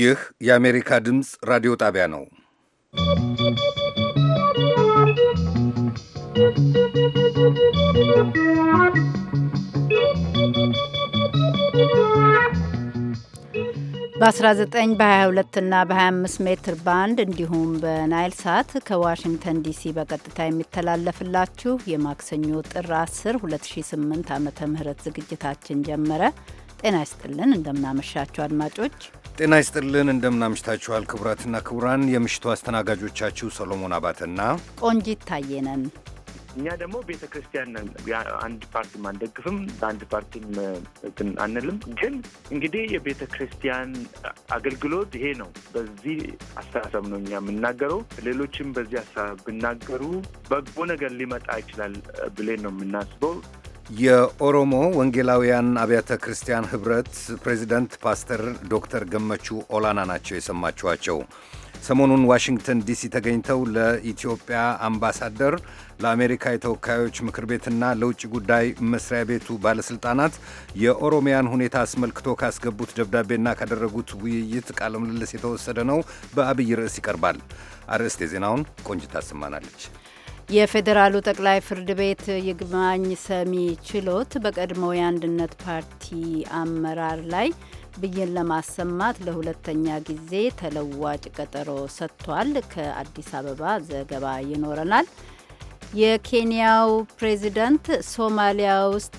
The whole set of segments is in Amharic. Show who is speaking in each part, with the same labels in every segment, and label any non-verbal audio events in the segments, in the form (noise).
Speaker 1: ይህ የአሜሪካ ድምፅ ራዲዮ ጣቢያ ነው።
Speaker 2: በ19 በ22 እና በ25 ሜትር ባንድ እንዲሁም በናይል ሳት ከዋሽንግተን ዲሲ በቀጥታ የሚተላለፍላችሁ የማክሰኞ ጥር 10 2008 ዓ ም ዝግጅታችን ጀመረ። ጤና ይስጥልን፣ እንደምናመሻችሁ አድማጮች
Speaker 1: ጤና ይስጥልን እንደምናምሽታችኋል። ክቡራትና ክቡራን የምሽቱ
Speaker 3: አስተናጋጆቻችሁ ሰሎሞን አባተና
Speaker 2: ቆንጂት ታየነን። እኛ ደግሞ ቤተ ክርስቲያን
Speaker 3: ነን። አንድ ፓርቲም አንደግፍም፣ በአንድ ፓርቲም አንልም። ግን እንግዲህ የቤተ ክርስቲያን አገልግሎት ይሄ ነው። በዚህ አስተሳሰብ ነው እኛ የምናገረው። ሌሎችም በዚህ አስተሳሰብ ብናገሩ በጎ ነገር ሊመጣ ይችላል ብለን ነው የምናስበው።
Speaker 1: የኦሮሞ ወንጌላውያን አብያተ ክርስቲያን ኅብረት ፕሬዚደንት ፓስተር ዶክተር ገመቹ ኦላና ናቸው የሰማችኋቸው። ሰሞኑን ዋሽንግተን ዲሲ ተገኝተው ለኢትዮጵያ አምባሳደር፣ ለአሜሪካ የተወካዮች ምክር ቤትና ለውጭ ጉዳይ መስሪያ ቤቱ ባለሥልጣናት የኦሮሚያን ሁኔታ አስመልክቶ ካስገቡት ደብዳቤና ካደረጉት ውይይት ቃለ ምልልስ የተወሰደ ነው። በአብይ ርዕስ ይቀርባል። አርዕስት የዜናውን ቆንጅት ታሰማናለች።
Speaker 2: የፌዴራሉ ጠቅላይ ፍርድ ቤት ይግባኝ ሰሚ ችሎት በቀድሞው የአንድነት ፓርቲ አመራር ላይ ብይን ለማሰማት ለሁለተኛ ጊዜ ተለዋጭ ቀጠሮ ሰጥቷል። ከአዲስ አበባ ዘገባ ይኖረናል። የኬንያው ፕሬዚደንት ሶማሊያ ውስጥ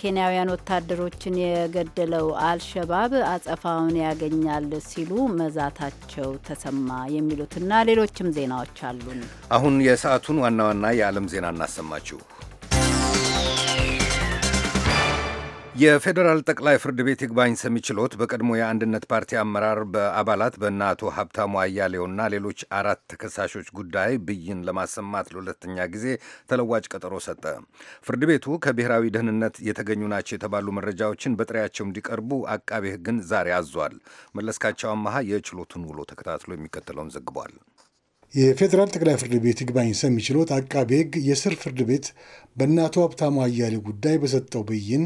Speaker 2: ኬንያውያን ወታደሮችን የገደለው አልሸባብ አጸፋውን ያገኛል ሲሉ መዛታቸው ተሰማ የሚሉትና ሌሎችም ዜናዎች አሉን።
Speaker 1: አሁን የሰዓቱን ዋና ዋና የዓለም ዜና እናሰማችሁ። የፌዴራል ጠቅላይ ፍርድ ቤት ይግባኝ ሰሚ ችሎት በቀድሞ የአንድነት ፓርቲ አመራር በአባላት በእነ አቶ ሀብታሙ አያሌውና ሌሎች አራት ተከሳሾች ጉዳይ ብይን ለማሰማት ለሁለተኛ ጊዜ ተለዋጭ ቀጠሮ ሰጠ። ፍርድ ቤቱ ከብሔራዊ ደህንነት የተገኙ ናቸው የተባሉ መረጃዎችን በጥሬያቸው እንዲቀርቡ አቃቤ ሕግን ዛሬ አዟል። መለስካቸው አመሃ የችሎቱን ውሎ ተከታትሎ የሚከተለውን ዘግቧል።
Speaker 4: የፌዴራል ጠቅላይ ፍርድ ቤት ይግባኝ ሰሚ ችሎት አቃቤ ሕግ የስር ፍርድ ቤት በእነ አቶ ሀብታሙ አያሌው ጉዳይ በሰጠው ብይን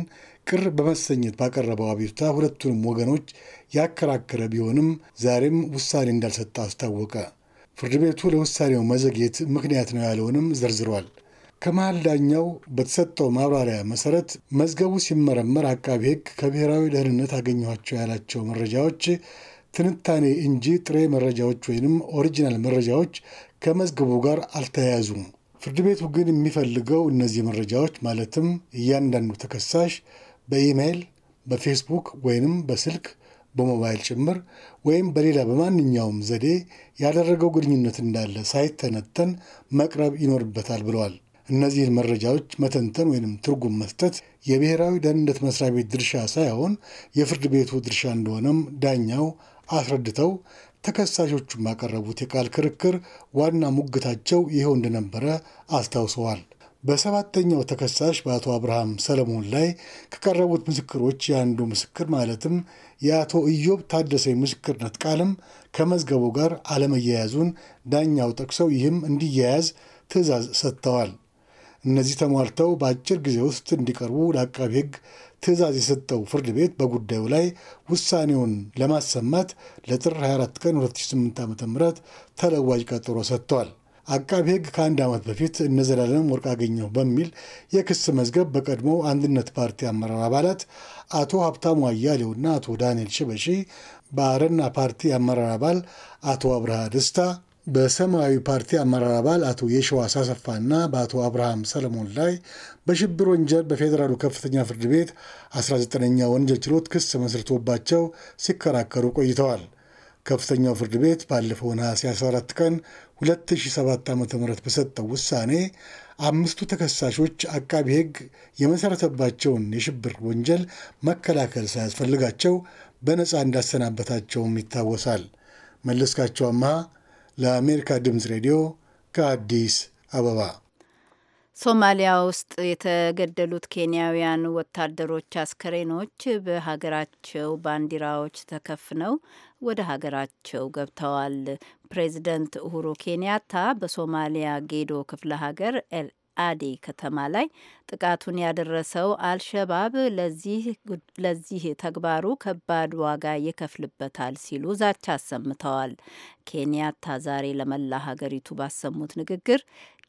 Speaker 4: ቅር በመሰኘት ባቀረበው አቤቱታ ሁለቱንም ወገኖች ያከራከረ ቢሆንም ዛሬም ውሳኔ እንዳልሰጠ አስታወቀ። ፍርድ ቤቱ ለውሳኔው መዘግየት ምክንያት ነው ያለውንም ዘርዝሯል። ከመሀል ዳኛው በተሰጠው ማብራሪያ መሰረት መዝገቡ ሲመረመር አቃቢ ሕግ ከብሔራዊ ደህንነት አገኘኋቸው ያላቸው መረጃዎች ትንታኔ እንጂ ጥሬ መረጃዎች ወይንም ኦሪጂናል መረጃዎች ከመዝገቡ ጋር አልተያያዙም። ፍርድ ቤቱ ግን የሚፈልገው እነዚህ መረጃዎች ማለትም እያንዳንዱ ተከሳሽ በኢሜይል በፌስቡክ ወይንም በስልክ በሞባይል ጭምር ወይም በሌላ በማንኛውም ዘዴ ያደረገው ግንኙነት እንዳለ ሳይተነተን መቅረብ ይኖርበታል ብለዋል። እነዚህን መረጃዎች መተንተን ወይም ትርጉም መስጠት የብሔራዊ ደህንነት መስሪያ ቤት ድርሻ ሳይሆን የፍርድ ቤቱ ድርሻ እንደሆነም ዳኛው አስረድተው ተከሳሾቹም ያቀረቡት የቃል ክርክር ዋና ሙግታቸው ይኸው እንደነበረ አስታውሰዋል። በሰባተኛው ተከሳሽ በአቶ አብርሃም ሰለሞን ላይ ከቀረቡት ምስክሮች የአንዱ ምስክር ማለትም የአቶ ኢዮብ ታደሰ ምስክርነት ቃልም ከመዝገቡ ጋር አለመያያዙን ዳኛው ጠቅሰው ይህም እንዲያያዝ ትዕዛዝ ሰጥተዋል። እነዚህ ተሟልተው በአጭር ጊዜ ውስጥ እንዲቀርቡ ለአቃቢ ሕግ ትዕዛዝ የሰጠው ፍርድ ቤት በጉዳዩ ላይ ውሳኔውን ለማሰማት ለጥር 24 ቀን 2008 ዓ ም ተለዋጅ ቀጠሮ ሰጥቷል። አቃቢ ሕግ ከአንድ ዓመት በፊት እነዘላለም ወርቅ አገኘው በሚል የክስ መዝገብ በቀድሞ አንድነት ፓርቲ አመራር አባላት አቶ ሀብታሙ አያሌውና አቶ ዳንኤል ሽበሺ፣ በአረና ፓርቲ አመራር አባል አቶ አብርሃ ደስታ፣ በሰማያዊ ፓርቲ አመራር አባል አቶ የሸዋስ አሰፋና በአቶ አብርሃም ሰለሞን ላይ በሽብር ወንጀል በፌዴራሉ ከፍተኛ ፍርድ ቤት 19ኛ ወንጀል ችሎት ክስ መስርቶባቸው ሲከራከሩ ቆይተዋል። ከፍተኛው ፍርድ ቤት ባለፈው ነሐሴ 14 ቀን 2007 ዓ ም በሰጠው ውሳኔ አምስቱ ተከሳሾች አቃቢ ሕግ የመሠረተባቸውን የሽብር ወንጀል መከላከል ሳያስፈልጋቸው በነፃ እንዳሰናበታቸውም ይታወሳል። መለስካቸው አምሃ ለአሜሪካ ድምፅ ሬዲዮ ከአዲስ አበባ።
Speaker 2: ሶማሊያ ውስጥ የተገደሉት ኬንያውያን ወታደሮች አስከሬኖች በሀገራቸው ባንዲራዎች ተከፍነው ወደ ሀገራቸው ገብተዋል። ፕሬዚደንት ኡሁሩ ኬንያታ በሶማሊያ ጌዶ ክፍለ ሀገር ኤል አዴ ከተማ ላይ ጥቃቱን ያደረሰው አልሸባብ ለዚህ ተግባሩ ከባድ ዋጋ ይከፍልበታል ሲሉ ዛቻ አሰምተዋል። ኬንያታ ዛሬ ለመላ ሀገሪቱ ባሰሙት ንግግር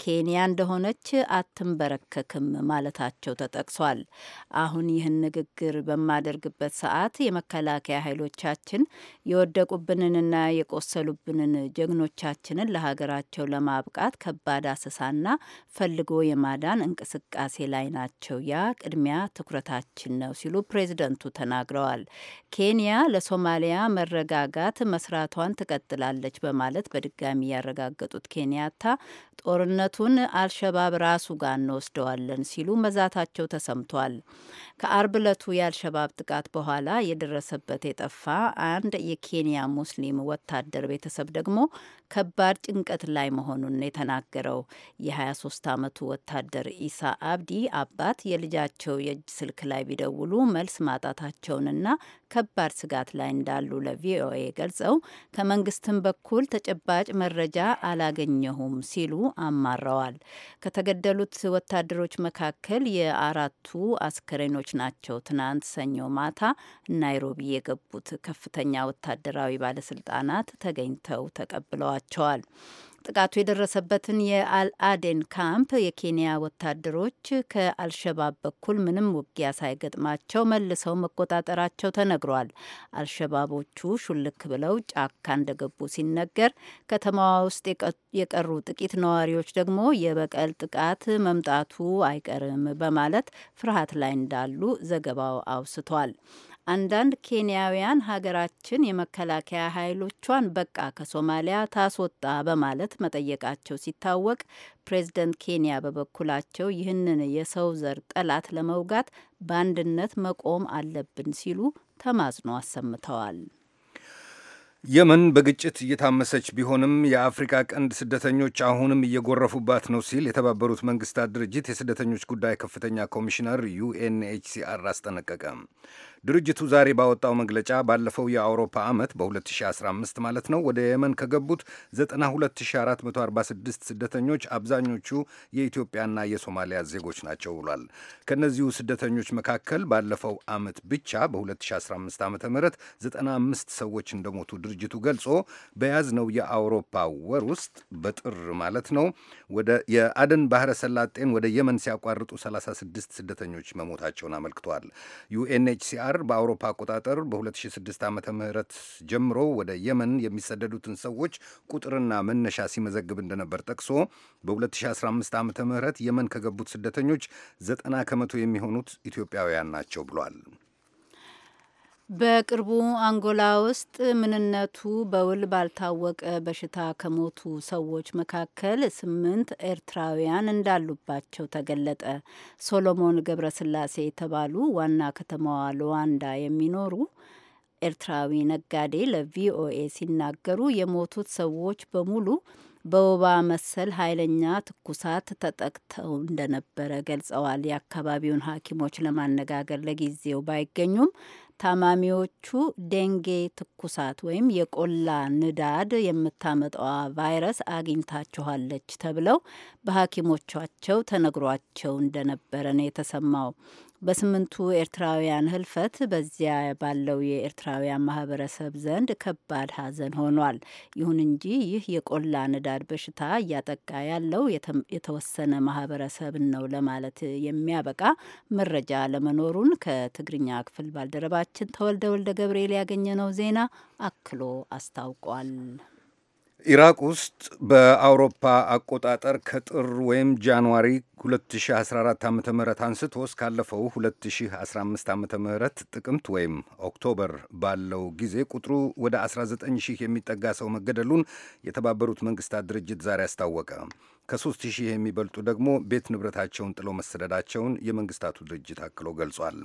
Speaker 2: ኬንያ እንደሆነች አትንበረከክም ማለታቸው ተጠቅሷል። አሁን ይህን ንግግር በማደርግበት ሰዓት የመከላከያ ኃይሎቻችን የወደቁብንንና የቆሰሉብንን ጀግኖቻችንን ለሀገራቸው ለማብቃት ከባድ አሰሳና ፈልጎ የማዳን እንቅስቃሴ ላይ ናቸው። ያ ቅድሚያ ትኩረታችን ነው ሲሉ ፕሬዝደንቱ ተናግረዋል። ኬንያ ለሶማሊያ መረጋጋት መስራቷን ትቀጥላለች በማለት በድጋሚ ያረጋገጡት ኬንያታ ጦርነት ኃላፊነቱን አልሸባብ ራሱ ጋር እንወስደዋለን ሲሉ መዛታቸው ተሰምቷል። ከአርብ ዕለቱ የአልሸባብ ጥቃት በኋላ የደረሰበት የጠፋ አንድ የኬንያ ሙስሊም ወታደር ቤተሰብ ደግሞ ከባድ ጭንቀት ላይ መሆኑን የተናገረው የ23 ዓመቱ ወታደር ኢሳ አብዲ አባት የልጃቸው የእጅ ስልክ ላይ ቢደውሉ መልስ ማጣታቸውንና ከባድ ስጋት ላይ እንዳሉ ለቪኦኤ ገልጸው ከመንግስትም በኩል ተጨባጭ መረጃ አላገኘሁም ሲሉ አማ ተሰማረዋል። ከተገደሉት ወታደሮች መካከል የአራቱ አስከሬኖች ናቸው ትናንት ሰኞ ማታ ናይሮቢ የገቡት። ከፍተኛ ወታደራዊ ባለስልጣናት ተገኝተው ተቀብለዋቸዋል። ጥቃቱ የደረሰበትን የአልአዴን ካምፕ የኬንያ ወታደሮች ከአልሸባብ በኩል ምንም ውጊያ ሳይገጥማቸው መልሰው መቆጣጠራቸው ተነግሯል። አልሸባቦቹ ሹልክ ብለው ጫካ እንደገቡ ሲነገር፣ ከተማዋ ውስጥ የቀሩ ጥቂት ነዋሪዎች ደግሞ የበቀል ጥቃት መምጣቱ አይቀርም በማለት ፍርሃት ላይ እንዳሉ ዘገባው አውስቷል። አንዳንድ ኬንያውያን ሀገራችን የመከላከያ ኃይሎቿን በቃ ከሶማሊያ ታስወጣ በማለት መጠየቃቸው ሲታወቅ ፕሬዝደንት ኬንያ በበኩላቸው ይህንን የሰው ዘር ጠላት ለመውጋት በአንድነት መቆም አለብን ሲሉ ተማጽኖ
Speaker 1: አሰምተዋል። የመን በግጭት እየታመሰች ቢሆንም የአፍሪካ ቀንድ ስደተኞች አሁንም እየጎረፉባት ነው ሲል የተባበሩት መንግስታት ድርጅት የስደተኞች ጉዳይ ከፍተኛ ኮሚሽነር ዩኤንኤችሲአር አስጠነቀቀ። ድርጅቱ ዛሬ ባወጣው መግለጫ ባለፈው የአውሮፓ ዓመት በ2015 ማለት ነው ወደ የመን ከገቡት 92446 ስደተኞች አብዛኞቹ የኢትዮጵያና የሶማሊያ ዜጎች ናቸው ብሏል። ከእነዚሁ ስደተኞች መካከል ባለፈው ዓመት ብቻ በ2015 ዓ ም 95 ሰዎች እንደሞቱ ድርጅቱ ገልጾ በያዝነው የአውሮፓ ወር ውስጥ በጥር ማለት ነው ወደ የአደን ባህረ ሰላጤን ወደ የመን ሲያቋርጡ 36 ስደተኞች መሞታቸውን አመልክቷል። ዩኤንኤችሲአር ባህር በአውሮፓ አቆጣጠር በ2006 ዓ ም ጀምሮ ወደ የመን የሚሰደዱትን ሰዎች ቁጥርና መነሻ ሲመዘግብ እንደነበር ጠቅሶ በ2015 ዓ ም የመን ከገቡት ስደተኞች ዘጠና ከመቶ የሚሆኑት ኢትዮጵያውያን ናቸው ብሏል።
Speaker 2: በቅርቡ አንጎላ ውስጥ ምንነቱ በውል ባልታወቀ በሽታ ከሞቱ ሰዎች መካከል ስምንት ኤርትራውያን እንዳሉባቸው ተገለጠ። ሶሎሞን ገብረስላሴ የተባሉ ዋና ከተማዋ ሉዋንዳ የሚኖሩ ኤርትራዊ ነጋዴ ለቪኦኤ ሲናገሩ የሞቱት ሰዎች በሙሉ በወባ መሰል ኃይለኛ ትኩሳት ተጠቅተው እንደነበረ ገልጸዋል። የአካባቢውን ሐኪሞች ለማነጋገር ለጊዜው ባይገኙም ታማሚዎቹ ዴንጌ ትኩሳት ወይም የቆላ ንዳድ የምታመጣዋ ቫይረስ አግኝታችኋለች ተብለው በሐኪሞቻቸው ተነግሯቸው እንደነበረ ነው የተሰማው። በስምንቱ ኤርትራውያን ህልፈት በዚያ ባለው የኤርትራውያን ማህበረሰብ ዘንድ ከባድ ሐዘን ሆኗል። ይሁን እንጂ ይህ የቆላ ንዳድ በሽታ እያጠቃ ያለው የተወሰነ ማህበረሰብን ነው ለማለት የሚያበቃ መረጃ ለመኖሩን ከትግርኛ ክፍል ባልደረባችን ተወልደ ወልደ ገብርኤል ያገኘነው ዜና አክሎ አስታውቋል።
Speaker 1: ኢራቅ ውስጥ በአውሮፓ አቆጣጠር ከጥር ወይም ጃንዋሪ 2014 ዓ ም አንስቶ እስካለፈው 2015 ዓ ም ጥቅምት ወይም ኦክቶበር ባለው ጊዜ ቁጥሩ ወደ 19 ሺህ የሚጠጋ ሰው መገደሉን የተባበሩት መንግስታት ድርጅት ዛሬ አስታወቀ። ከሦስት ሺህ የሚበልጡ ደግሞ ቤት ንብረታቸውን ጥለው መሰደዳቸውን የመንግስታቱ ድርጅት አክሎ ገልጿል።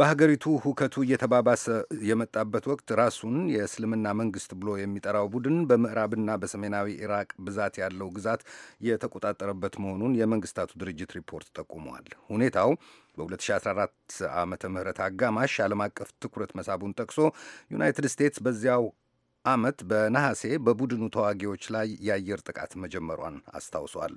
Speaker 1: በሀገሪቱ ሁከቱ እየተባባሰ የመጣበት ወቅት ራሱን የእስልምና መንግስት ብሎ የሚጠራው ቡድን በምዕራብና በሰሜናዊ ኢራቅ ብዛት ያለው ግዛት የተቆጣጠረበት መሆኑን የመንግስታቱ ድርጅት ሪፖርት ጠቁመዋል። ሁኔታው በ2014 ዓመተ ምህረት አጋማሽ ዓለም አቀፍ ትኩረት መሳቡን ጠቅሶ ዩናይትድ ስቴትስ በዚያው ዓመት በነሐሴ በቡድኑ ተዋጊዎች ላይ የአየር ጥቃት መጀመሯን አስታውሷል።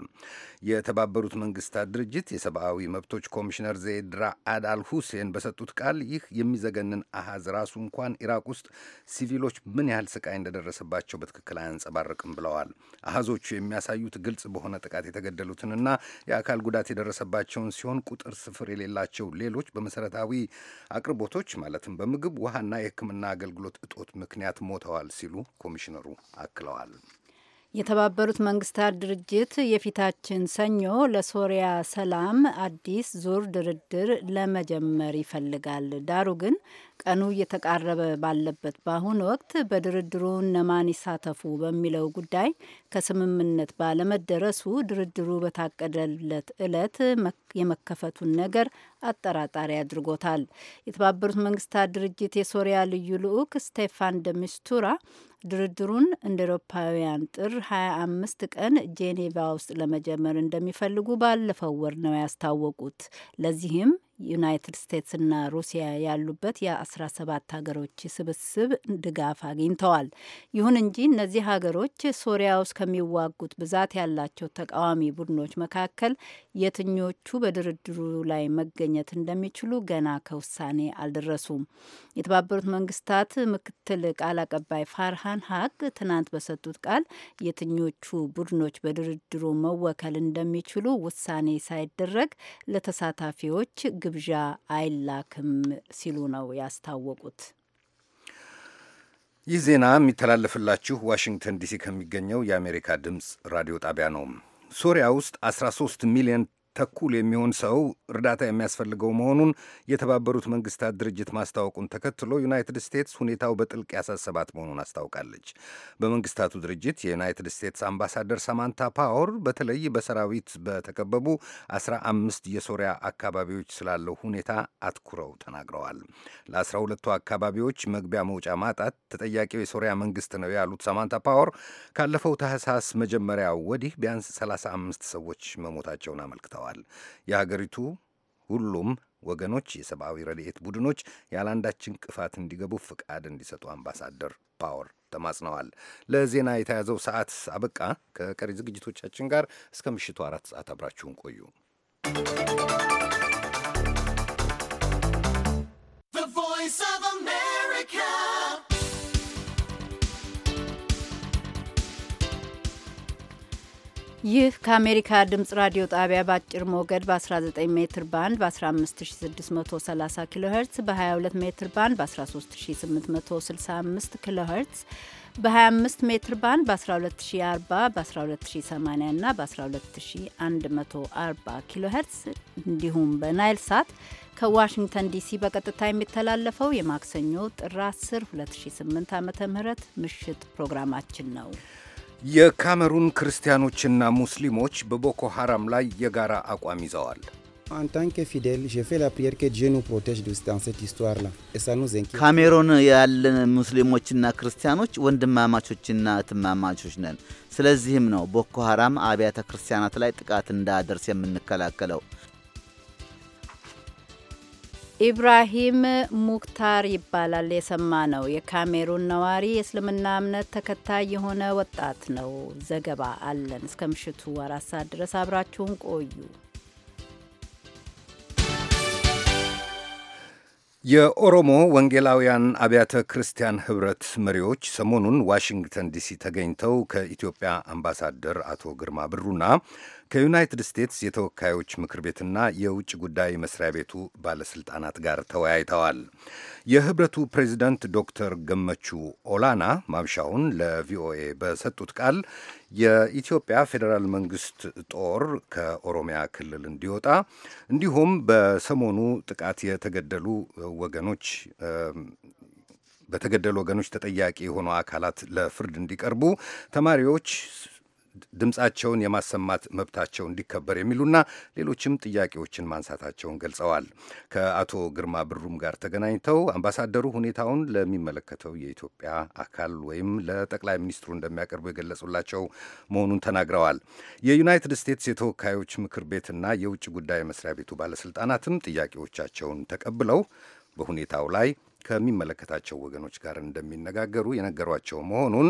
Speaker 1: የተባበሩት መንግስታት ድርጅት የሰብአዊ መብቶች ኮሚሽነር ዘይድ ራአድ አል ሁሴን በሰጡት ቃል ይህ የሚዘገንን አሃዝ ራሱ እንኳን ኢራቅ ውስጥ ሲቪሎች ምን ያህል ስቃይ እንደደረሰባቸው በትክክል አያንጸባርቅም ብለዋል። አሃዞቹ የሚያሳዩት ግልጽ በሆነ ጥቃት የተገደሉትንና የአካል ጉዳት የደረሰባቸውን ሲሆን ቁጥር ስፍር የሌላቸው ሌሎች በመሰረታዊ አቅርቦቶች ማለትም በምግብ ውሃና የሕክምና አገልግሎት እጦት ምክንያት ሞተዋል ሲሉ ኮሚሽነሩ አክለዋል።
Speaker 2: የተባበሩት መንግስታት ድርጅት የፊታችን ሰኞ ለሶሪያ ሰላም አዲስ ዙር ድርድር ለመጀመር ይፈልጋል። ዳሩ ግን ቀኑ እየተቃረበ ባለበት በአሁኑ ወቅት በድርድሩ እነማን ይሳተፉ በሚለው ጉዳይ ከስምምነት ባለመደረሱ ድርድሩ በታቀደለት ዕለት የመከፈቱን ነገር አጠራጣሪ አድርጎታል። የተባበሩት መንግስታት ድርጅት የሶሪያ ልዩ ልዑክ ስቴፋን ደ ሚስቱራ ድርድሩን እንደ ኤሮፓውያን ጥር 25 ቀን ጄኔቫ ውስጥ ለመጀመር እንደሚፈልጉ ባለፈው ወር ነው ያስታወቁት። ለዚህም ዩናይትድ ስቴትስና ሩሲያ ያሉበት የ17 ሀገሮች ስብስብ ድጋፍ አግኝተዋል። ይሁን እንጂ እነዚህ ሀገሮች ሶሪያ ውስጥ ከሚዋጉት ብዛት ያላቸው ተቃዋሚ ቡድኖች መካከል የትኞቹ በድርድሩ ላይ መገኘት እንደሚችሉ ገና ከውሳኔ አልደረሱም። የተባበሩት መንግስታት ምክትል ቃል አቀባይ ፋርሃን ሀቅ ትናንት በሰጡት ቃል የትኞቹ ቡድኖች በድርድሩ መወከል እንደሚችሉ ውሳኔ ሳይደረግ ለተሳታፊዎች ግብዣ አይላክም ሲሉ ነው ያስታወቁት።
Speaker 1: ይህ ዜና የሚተላለፍላችሁ ዋሽንግተን ዲሲ ከሚገኘው የአሜሪካ ድምፅ ራዲዮ ጣቢያ ነው። ሶሪያ ውስጥ 13 ሚሊዮን ተኩል የሚሆን ሰው እርዳታ የሚያስፈልገው መሆኑን የተባበሩት መንግስታት ድርጅት ማስታወቁን ተከትሎ ዩናይትድ ስቴትስ ሁኔታው በጥልቅ ያሳሰባት መሆኑን አስታውቃለች። በመንግስታቱ ድርጅት የዩናይትድ ስቴትስ አምባሳደር ሳማንታ ፓወር በተለይ በሰራዊት በተከበቡ 15 የሶሪያ አካባቢዎች ስላለው ሁኔታ አትኩረው ተናግረዋል። 12 አካባቢዎች መግቢያ መውጫ ማጣት ተጠያቂው የሶሪያ መንግስት ነው ያሉት ሳማንታ ፓወር ካለፈው ታህሳስ መጀመሪያ ወዲህ ቢያንስ 35 ሰዎች መሞታቸውን አመልክተዋል። ብለዋል። የሀገሪቱ ሁሉም ወገኖች የሰብአዊ ረድኤት ቡድኖች ያለአንዳች እንቅፋት እንዲገቡ ፍቃድ እንዲሰጡ አምባሳደር ፓወር ተማጽነዋል። ለዜና የተያዘው ሰዓት አበቃ። ከቀሪ ዝግጅቶቻችን ጋር እስከ ምሽቱ አራት ሰዓት አብራችሁን ቆዩ።
Speaker 2: ይህ ከአሜሪካ ድምጽ ራዲዮ ጣቢያ በአጭር ሞገድ በ19 ሜትር ባንድ በ15630 ኪሎ ሄርትስ በ22 ሜትር ባንድ በ13865 ኪሎ ሄርትስ በ25 ሜትር ባንድ በ 1240 በ 1280 እና በ12140 ኪሎ ሄርትስ እንዲሁም በናይል ሳት ከዋሽንግተን ዲሲ በቀጥታ የሚተላለፈው የማክሰኞ ጥር 10 2008 ዓ ም ምሽት ፕሮግራማችን ነው።
Speaker 1: የካሜሩን ክርስቲያኖችና ሙስሊሞች በቦኮ ሐራም ላይ የጋራ አቋም ይዘዋል።
Speaker 5: ካሜሩን ያለን ሙስሊሞችና ክርስቲያኖች ወንድማማቾችና እትማማቾች ነን። ስለዚህም ነው ቦኮ ሐራም አብያተ ክርስቲያናት ላይ ጥቃት እንዳደርስ የምንከላከለው።
Speaker 2: ኢብራሂም ሙክታር ይባላል። የሰማ ነው የካሜሩን ነዋሪ የእስልምና እምነት ተከታይ የሆነ ወጣት ነው። ዘገባ አለን። እስከ ምሽቱ አራት ሰዓት ድረስ አብራችሁን ቆዩ።
Speaker 1: የኦሮሞ ወንጌላውያን አብያተ ክርስቲያን ህብረት መሪዎች ሰሞኑን ዋሽንግተን ዲሲ ተገኝተው ከኢትዮጵያ አምባሳደር አቶ ግርማ ብሩና ከዩናይትድ ስቴትስ የተወካዮች ምክር ቤትና የውጭ ጉዳይ መስሪያ ቤቱ ባለስልጣናት ጋር ተወያይተዋል። የህብረቱ ፕሬዚደንት ዶክተር ገመቹ ኦላና ማምሻውን ለቪኦኤ በሰጡት ቃል የኢትዮጵያ ፌዴራል መንግስት ጦር ከኦሮሚያ ክልል እንዲወጣ እንዲሁም በሰሞኑ ጥቃት የተገደሉ ወገኖች በተገደሉ ወገኖች ተጠያቂ የሆኑ አካላት ለፍርድ እንዲቀርቡ ተማሪዎች ድምፃቸውን የማሰማት መብታቸው እንዲከበር የሚሉና ሌሎችም ጥያቄዎችን ማንሳታቸውን ገልጸዋል። ከአቶ ግርማ ብሩም ጋር ተገናኝተው አምባሳደሩ ሁኔታውን ለሚመለከተው የኢትዮጵያ አካል ወይም ለጠቅላይ ሚኒስትሩ እንደሚያቀርቡ የገለጹላቸው መሆኑን ተናግረዋል። የዩናይትድ ስቴትስ የተወካዮች ምክር ቤትና የውጭ ጉዳይ መስሪያ ቤቱ ባለስልጣናትም ጥያቄዎቻቸውን ተቀብለው በሁኔታው ላይ ከሚመለከታቸው ወገኖች ጋር እንደሚነጋገሩ የነገሯቸው መሆኑን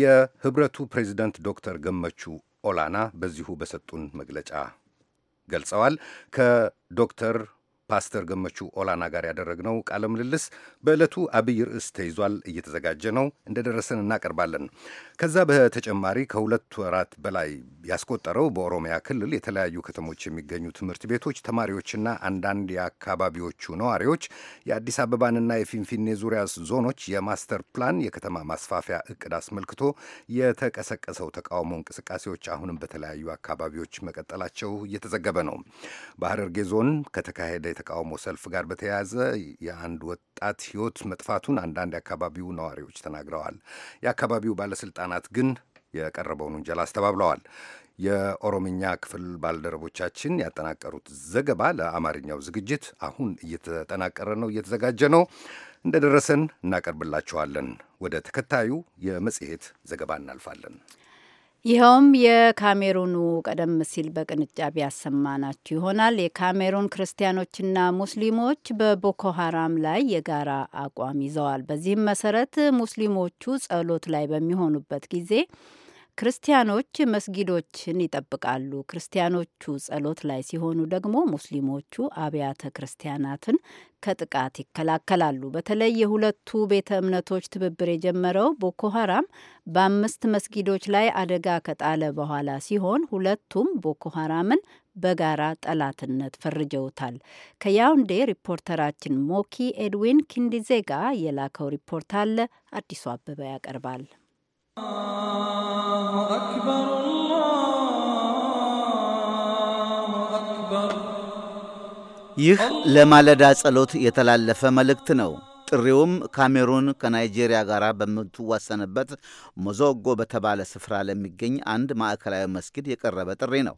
Speaker 1: የህብረቱ ፕሬዚደንት ዶክተር ገመቹ ኦላና በዚሁ በሰጡን መግለጫ ገልጸዋል። ከዶክተር ፓስተር ገመቹ ኦላና ጋር ያደረግነው ቃለ ምልልስ በዕለቱ አብይ ርዕስ ተይዟል፣ እየተዘጋጀ ነው። እንደደረሰን እናቀርባለን። ከዛ በተጨማሪ ከሁለት ወራት በላይ ያስቆጠረው በኦሮሚያ ክልል የተለያዩ ከተሞች የሚገኙ ትምህርት ቤቶች ተማሪዎችና አንዳንድ የአካባቢዎቹ ነዋሪዎች የአዲስ አበባንና የፊንፊኔ ዙሪያ ዞኖች የማስተር ፕላን የከተማ ማስፋፊያ እቅድ አስመልክቶ የተቀሰቀሰው ተቃውሞ እንቅስቃሴዎች አሁንም በተለያዩ አካባቢዎች መቀጠላቸው እየተዘገበ ነው። በሐረርጌ ዞን ከተካሄደ ተቃውሞ ሰልፍ ጋር በተያያዘ የአንድ ወጣት ሕይወት መጥፋቱን አንዳንድ የአካባቢው ነዋሪዎች ተናግረዋል። የአካባቢው ባለስልጣናት ግን የቀረበውን ውንጀላ አስተባብለዋል። የኦሮምኛ ክፍል ባልደረቦቻችን ያጠናቀሩት ዘገባ ለአማርኛው ዝግጅት አሁን እየተጠናቀረ ነው፣ እየተዘጋጀ ነው። እንደደረሰን እናቀርብላችኋለን። ወደ ተከታዩ የመጽሔት ዘገባ እናልፋለን።
Speaker 2: ይኸውም የካሜሩኑ ቀደም ሲል በቅንጫቢ ያሰማናችሁ ይሆናል። የካሜሩን ክርስቲያኖችና ሙስሊሞች በቦኮ ሀራም ላይ የጋራ አቋም ይዘዋል። በዚህም መሰረት ሙስሊሞቹ ጸሎት ላይ በሚሆኑበት ጊዜ ክርስቲያኖች መስጊዶችን ይጠብቃሉ። ክርስቲያኖቹ ጸሎት ላይ ሲሆኑ ደግሞ ሙስሊሞቹ አብያተ ክርስቲያናትን ከጥቃት ይከላከላሉ። በተለይ የሁለቱ ቤተ እምነቶች ትብብር የጀመረው ቦኮ ሀራም በአምስት መስጊዶች ላይ አደጋ ከጣለ በኋላ ሲሆን ሁለቱም ቦኮ ሀራምን በጋራ ጠላትነት ፈርጀውታል። ከያውንዴ ሪፖርተራችን ሞኪ ኤድዊን ኪንዲዜጋ የላከው ሪፖርት አለ። አዲሱ አበበ ያቀርባል።
Speaker 5: ይህ ለማለዳ ጸሎት የተላለፈ መልእክት ነው። ጥሪውም ካሜሩን ከናይጄሪያ ጋር በምትዋሰንበት ሞዞጎ በተባለ ስፍራ ለሚገኝ አንድ ማዕከላዊ መስጊድ የቀረበ ጥሪ ነው።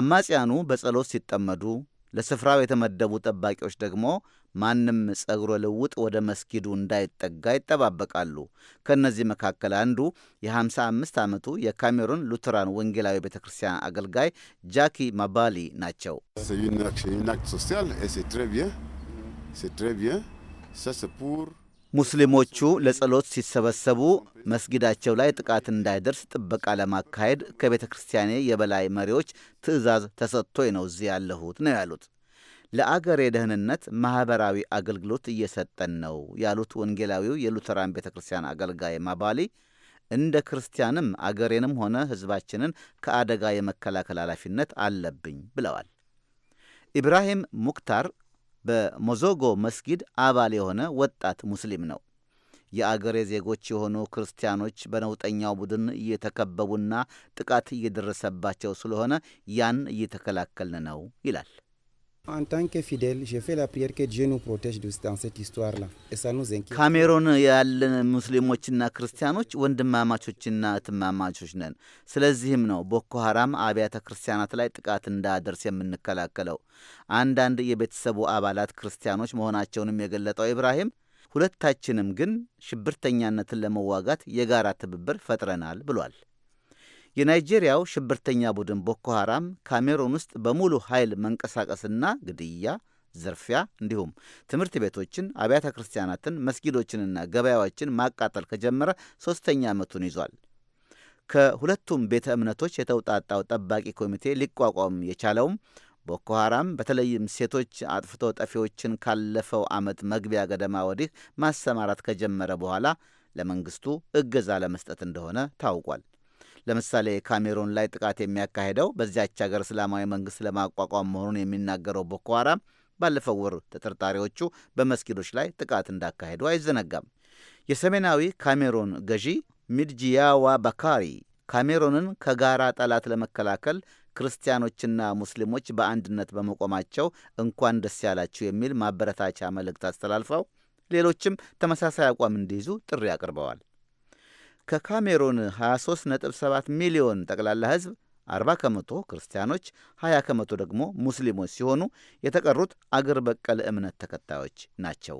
Speaker 5: አማጽያኑ በጸሎት ሲጠመዱ ለስፍራው የተመደቡ ጠባቂዎች ደግሞ ማንም ጸጉረ ልውጥ ወደ መስጊዱ እንዳይጠጋ ይጠባበቃሉ። ከእነዚህ መካከል አንዱ የ55 ዓመቱ የካሜሩን ሉትራን ወንጌላዊ ቤተ ክርስቲያን አገልጋይ ጃኪ ማባሊ ናቸው። ሶሲያል ሙስሊሞቹ ለጸሎት ሲሰበሰቡ መስጊዳቸው ላይ ጥቃት እንዳይደርስ ጥበቃ ለማካሄድ ከቤተ ክርስቲያኔ የበላይ መሪዎች ትዕዛዝ ተሰጥቶኝ ነው እዚህ ያለሁት ነው ያሉት። ለአገሬ ደህንነት ማኅበራዊ አገልግሎት እየሰጠን ነው ያሉት ወንጌላዊው የሉተራን ቤተ ክርስቲያን አገልጋይ ማባሊ እንደ ክርስቲያንም አገሬንም ሆነ ሕዝባችንን ከአደጋ የመከላከል ኃላፊነት አለብኝ ብለዋል። ኢብራሂም ሙክታር በሞዞጎ መስጊድ አባል የሆነ ወጣት ሙስሊም ነው። የአገሬ ዜጎች የሆኑ ክርስቲያኖች በነውጠኛው ቡድን እየተከበቡና ጥቃት እየደረሰባቸው ስለሆነ ያን እየተከላከልን ነው ይላል። ካሜሮን ያለን ሙስሊሞችና ክርስቲያኖች ወንድማማቾችና እትማማቾች ነን። ስለዚህም ነው ቦኮ ሐራም አብያተ ክርስቲያናት ላይ ጥቃት እንዳደርስ የምንከላከለው። አንዳንድ የቤተሰቡ አባላት ክርስቲያኖች መሆናቸውንም የገለጠው ኢብራሂም ሁለታችንም ግን ሽብርተኛነትን ለመዋጋት የጋራ ትብብር ፈጥረናል ብሏል። የናይጄሪያው ሽብርተኛ ቡድን ቦኮ ሐራም ካሜሩን ውስጥ በሙሉ ኃይል መንቀሳቀስና ግድያ፣ ዝርፊያ እንዲሁም ትምህርት ቤቶችን፣ አብያተ ክርስቲያናትን፣ መስጊዶችንና ገበያዎችን ማቃጠል ከጀመረ ሦስተኛ ዓመቱን ይዟል። ከሁለቱም ቤተ እምነቶች የተውጣጣው ጠባቂ ኮሚቴ ሊቋቋም የቻለውም ቦኮ ሐራም በተለይም ሴቶች አጥፍቶ ጠፊዎችን ካለፈው ዓመት መግቢያ ገደማ ወዲህ ማሰማራት ከጀመረ በኋላ ለመንግስቱ እገዛ ለመስጠት እንደሆነ ታውቋል። ለምሳሌ ካሜሮን ላይ ጥቃት የሚያካሄደው በዚያች ሀገር እስላማዊ መንግስት ለማቋቋም መሆኑን የሚናገረው ቦኮ ባለፈው ወር ተጠርጣሪዎቹ በመስጊዶች ላይ ጥቃት እንዳካሄዱ አይዘነጋም። የሰሜናዊ ካሜሮን ገዢ ሚድጂያዋ ባካሪ ካሜሮንን ከጋራ ጠላት ለመከላከል ክርስቲያኖችና ሙስሊሞች በአንድነት በመቆማቸው እንኳን ደስ ያላችሁ የሚል ማበረታቻ መልእክት አስተላልፈው ሌሎችም ተመሳሳይ አቋም እንዲይዙ ጥሪ አቅርበዋል። ከካሜሩን 23.7 ሚሊዮን ጠቅላላ ህዝብ 40 ከመቶ ክርስቲያኖች፣ 20 ከመቶ ደግሞ ሙስሊሞች ሲሆኑ የተቀሩት አገር በቀል እምነት ተከታዮች ናቸው።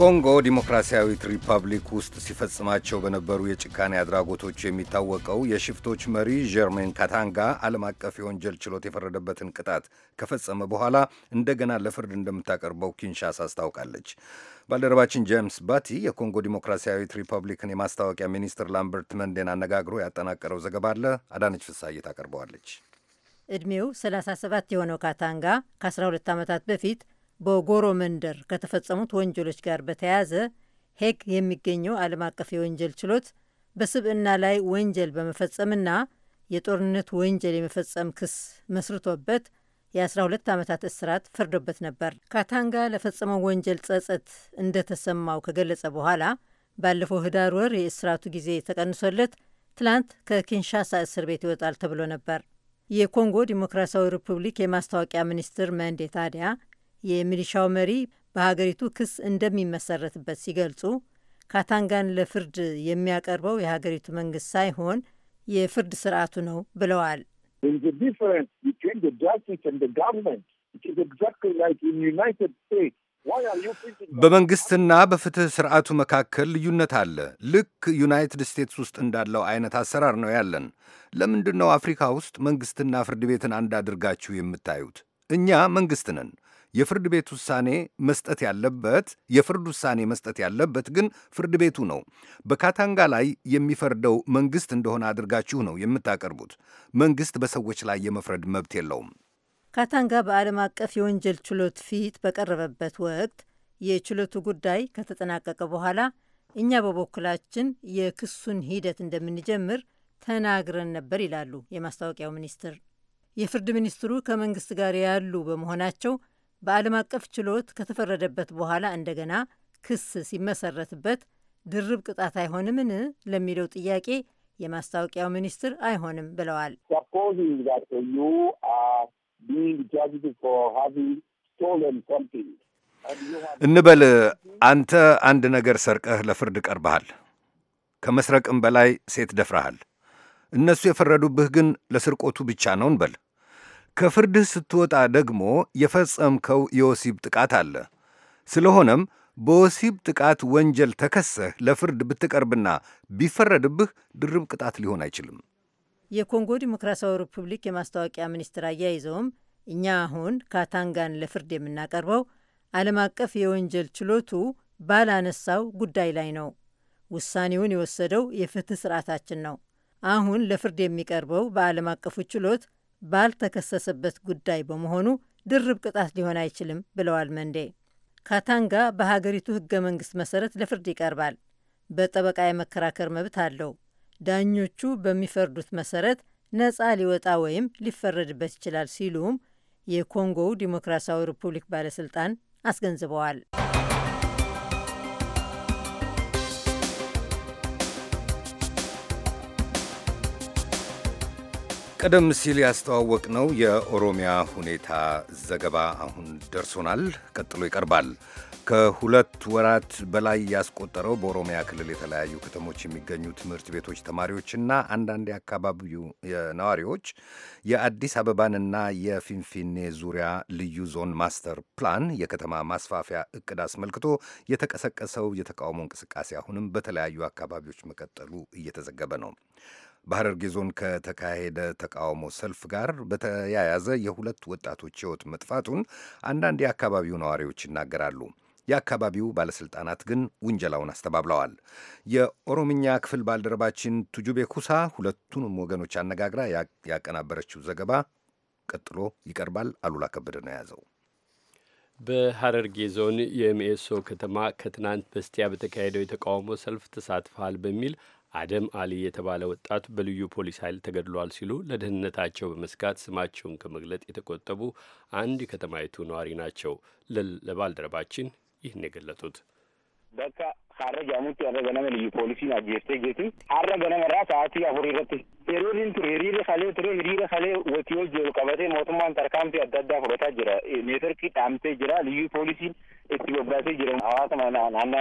Speaker 1: ኮንጎ ዲሞክራሲያዊት ሪፐብሊክ ውስጥ ሲፈጽማቸው በነበሩ የጭካኔ አድራጎቶች የሚታወቀው የሽፍቶች መሪ ጀርሜን ካታንጋ ዓለም አቀፍ የወንጀል ችሎት የፈረደበትን ቅጣት ከፈጸመ በኋላ እንደገና ለፍርድ እንደምታቀርበው ኪንሻሳ አስታውቃለች። ባልደረባችን ጄምስ ባቲ የኮንጎ ዲሞክራሲያዊት ሪፐብሊክን የማስታወቂያ ሚኒስትር ላምበርት መንዴን አነጋግሮ ያጠናቀረው ዘገባ አለ። አዳነች ፍሳዬ ታቀርበዋለች።
Speaker 6: ዕድሜው 37 የሆነው ካታንጋ ከ12 ዓመታት በፊት በጎሮ መንደር ከተፈጸሙት ወንጀሎች ጋር በተያያዘ ሄግ የሚገኘው ዓለም አቀፍ የወንጀል ችሎት በስብዕና ላይ ወንጀል በመፈጸምና የጦርነት ወንጀል የመፈጸም ክስ መስርቶበት የ12 ዓመታት እስራት ፈርዶበት ነበር። ካታንጋ ለፈጸመው ወንጀል ጸጸት እንደተሰማው ከገለጸ በኋላ ባለፈው ህዳር ወር የእስራቱ ጊዜ ተቀንሶለት ትላንት ከኪንሻሳ እስር ቤት ይወጣል ተብሎ ነበር። የኮንጎ ዲሞክራሲያዊ ሪፑብሊክ የማስታወቂያ ሚኒስትር መንዴ ታዲያ የሚሊሻው መሪ በሀገሪቱ ክስ እንደሚመሰረትበት ሲገልጹ ካታንጋን ለፍርድ የሚያቀርበው የሀገሪቱ መንግስት ሳይሆን የፍርድ ስርዓቱ ነው ብለዋል። በመንግስትና
Speaker 1: በፍትህ ስርዓቱ መካከል ልዩነት አለ። ልክ ዩናይትድ ስቴትስ ውስጥ እንዳለው አይነት አሰራር ነው ያለን። ለምንድን ነው አፍሪካ ውስጥ መንግስትና ፍርድ ቤትን አንድ አድርጋችሁ የምታዩት? እኛ መንግስት ነን። የፍርድ ቤት ውሳኔ መስጠት ያለበት የፍርድ ውሳኔ መስጠት ያለበት ግን ፍርድ ቤቱ ነው። በካታንጋ ላይ የሚፈርደው መንግስት እንደሆነ አድርጋችሁ ነው የምታቀርቡት። መንግስት በሰዎች ላይ የመፍረድ መብት የለውም።
Speaker 6: ካታንጋ በዓለም አቀፍ የወንጀል ችሎት ፊት በቀረበበት ወቅት የችሎቱ ጉዳይ ከተጠናቀቀ በኋላ እኛ በበኩላችን የክሱን ሂደት እንደምንጀምር ተናግረን ነበር ይላሉ የማስታወቂያው ሚኒስትር። የፍርድ ሚኒስትሩ ከመንግስት ጋር ያሉ በመሆናቸው በዓለም አቀፍ ችሎት ከተፈረደበት በኋላ እንደገና ክስ ሲመሰረትበት ድርብ ቅጣት አይሆንምን ለሚለው ጥያቄ የማስታወቂያው ሚኒስትር አይሆንም ብለዋል።
Speaker 1: እንበል አንተ አንድ ነገር ሰርቀህ ለፍርድ ቀርበሃል። ከመስረቅም በላይ ሴት ደፍረሃል። እነሱ የፈረዱብህ ግን ለስርቆቱ ብቻ ነው እንበል ከፍርድህ ስትወጣ ደግሞ የፈጸምከው የወሲብ ጥቃት አለ። ስለሆነም በወሲብ ጥቃት ወንጀል ተከሰህ ለፍርድ ብትቀርብና ቢፈረድብህ ድርብ ቅጣት ሊሆን አይችልም።
Speaker 6: የኮንጎ ዲሞክራሲያዊ ሪፑብሊክ የማስታወቂያ ሚኒስትር አያይዘውም እኛ አሁን ካታንጋን ለፍርድ የምናቀርበው ዓለም አቀፍ የወንጀል ችሎቱ ባላነሳው ጉዳይ ላይ ነው። ውሳኔውን የወሰደው የፍትህ ስርዓታችን ነው። አሁን ለፍርድ የሚቀርበው በዓለም አቀፉ ችሎት ባልተከሰሰበት ጉዳይ በመሆኑ ድርብ ቅጣት ሊሆን አይችልም ብለዋል መንዴ። ካታንጋ በሀገሪቱ ህገ መንግስት መሰረት ለፍርድ ይቀርባል። በጠበቃ የመከራከር መብት አለው። ዳኞቹ በሚፈርዱት መሰረት ነፃ ሊወጣ ወይም ሊፈረድበት ይችላል ሲሉም የኮንጎው ዲሞክራሲያዊ ሪፑብሊክ ባለስልጣን አስገንዝበዋል።
Speaker 1: ቀደም ሲል ነው የኦሮሚያ ሁኔታ ዘገባ አሁን ደርሶናል። ቀጥሎ ይቀርባል። ከሁለት ወራት በላይ ያስቆጠረው በኦሮሚያ ክልል የተለያዩ ከተሞች የሚገኙ ትምህርት ቤቶች ተማሪዎችና አንዳንድ የአካባቢው ነዋሪዎች የአዲስ አበባንና የፊንፊኔ ዙሪያ ልዩ ዞን ማስተር ፕላን የከተማ ማስፋፊያ እቅድ አስመልክቶ የተቀሰቀሰው የተቃውሞ እንቅስቃሴ አሁንም በተለያዩ አካባቢዎች መቀጠሉ እየተዘገበ ነው። በሐረርጌ ዞን ከተካሄደ ተቃውሞ ሰልፍ ጋር በተያያዘ የሁለት ወጣቶች ሕይወት መጥፋቱን አንዳንድ የአካባቢው ነዋሪዎች ይናገራሉ። የአካባቢው ባለሥልጣናት ግን ውንጀላውን አስተባብለዋል። የኦሮምኛ ክፍል ባልደረባችን ቱጁቤ ኩሳ ሁለቱንም ወገኖች አነጋግራ ያቀናበረችው ዘገባ ቀጥሎ ይቀርባል። አሉላ ከበደ ነው የያዘው።
Speaker 7: በሐረርጌ ዞን የሚኤሶ ከተማ ከትናንት በስቲያ በተካሄደው የተቃውሞ ሰልፍ ተሳትፈሃል በሚል አደም አሊ የተባለ ወጣት በልዩ ፖሊስ ኃይል ተገድሏል ሲሉ ለደህንነታቸው በመስጋት ስማቸውን ከመግለጥ የተቆጠቡ አንድ ከተማይቱ ነዋሪ ናቸው። ለባልደረባችን ይህን የገለጡት
Speaker 3: ሀረ ገነመ ልዩ ፖሊሲ ጌቲ ሀረ ገነመ ራ ሰአቲ አፉሪ ረቲ ከሌ ቱሬ ከሌ ወቲዮ ጀሩ ቀበቴ ሞቱማን ተርካምቲ አዳዳ ጅራ ጅራ ልዩ ፖሊሲን ጅረ
Speaker 8: ናና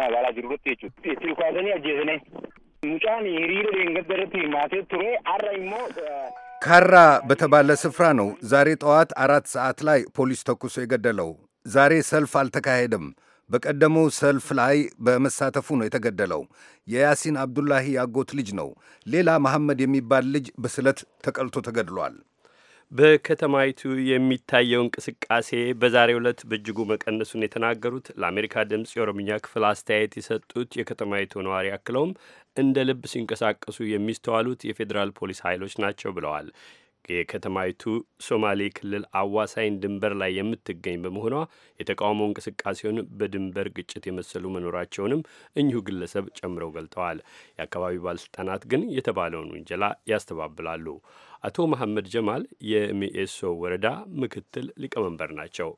Speaker 1: ካራ በተባለ ስፍራ ነው ዛሬ ጠዋት አራት ሰዓት ላይ ፖሊስ ተኩሶ የገደለው። ዛሬ ሰልፍ አልተካሄደም። በቀደመው ሰልፍ ላይ በመሳተፉ ነው የተገደለው። የያሲን አብዱላሂ ያጎት ልጅ ነው። ሌላ መሐመድ የሚባል ልጅ በስለት ተቀልቶ ተገድሏል።
Speaker 7: በከተማይቱ የሚታየው እንቅስቃሴ በዛሬው ዕለት በእጅጉ መቀነሱን የተናገሩት ለአሜሪካ ድምፅ የኦሮምኛ ክፍል አስተያየት የሰጡት የከተማይቱ ነዋሪ አክለውም እንደ ልብ ሲንቀሳቀሱ የሚስተዋሉት የፌዴራል ፖሊስ ኃይሎች ናቸው ብለዋል። የከተማይቱ ሶማሌ ክልል አዋሳኝ ድንበር ላይ የምትገኝ በመሆኗ የተቃውሞ እንቅስቃሴውን በድንበር ግጭት የመሰሉ መኖራቸውንም እኚሁ ግለሰብ ጨምረው ገልጠዋል። የአካባቢው ባለስልጣናት ግን የተባለውን ውንጀላ ያስተባብላሉ። አቶ መሐመድ ጀማል የሚኤሶ ወረዳ ምክትል ሊቀመንበር ናቸው።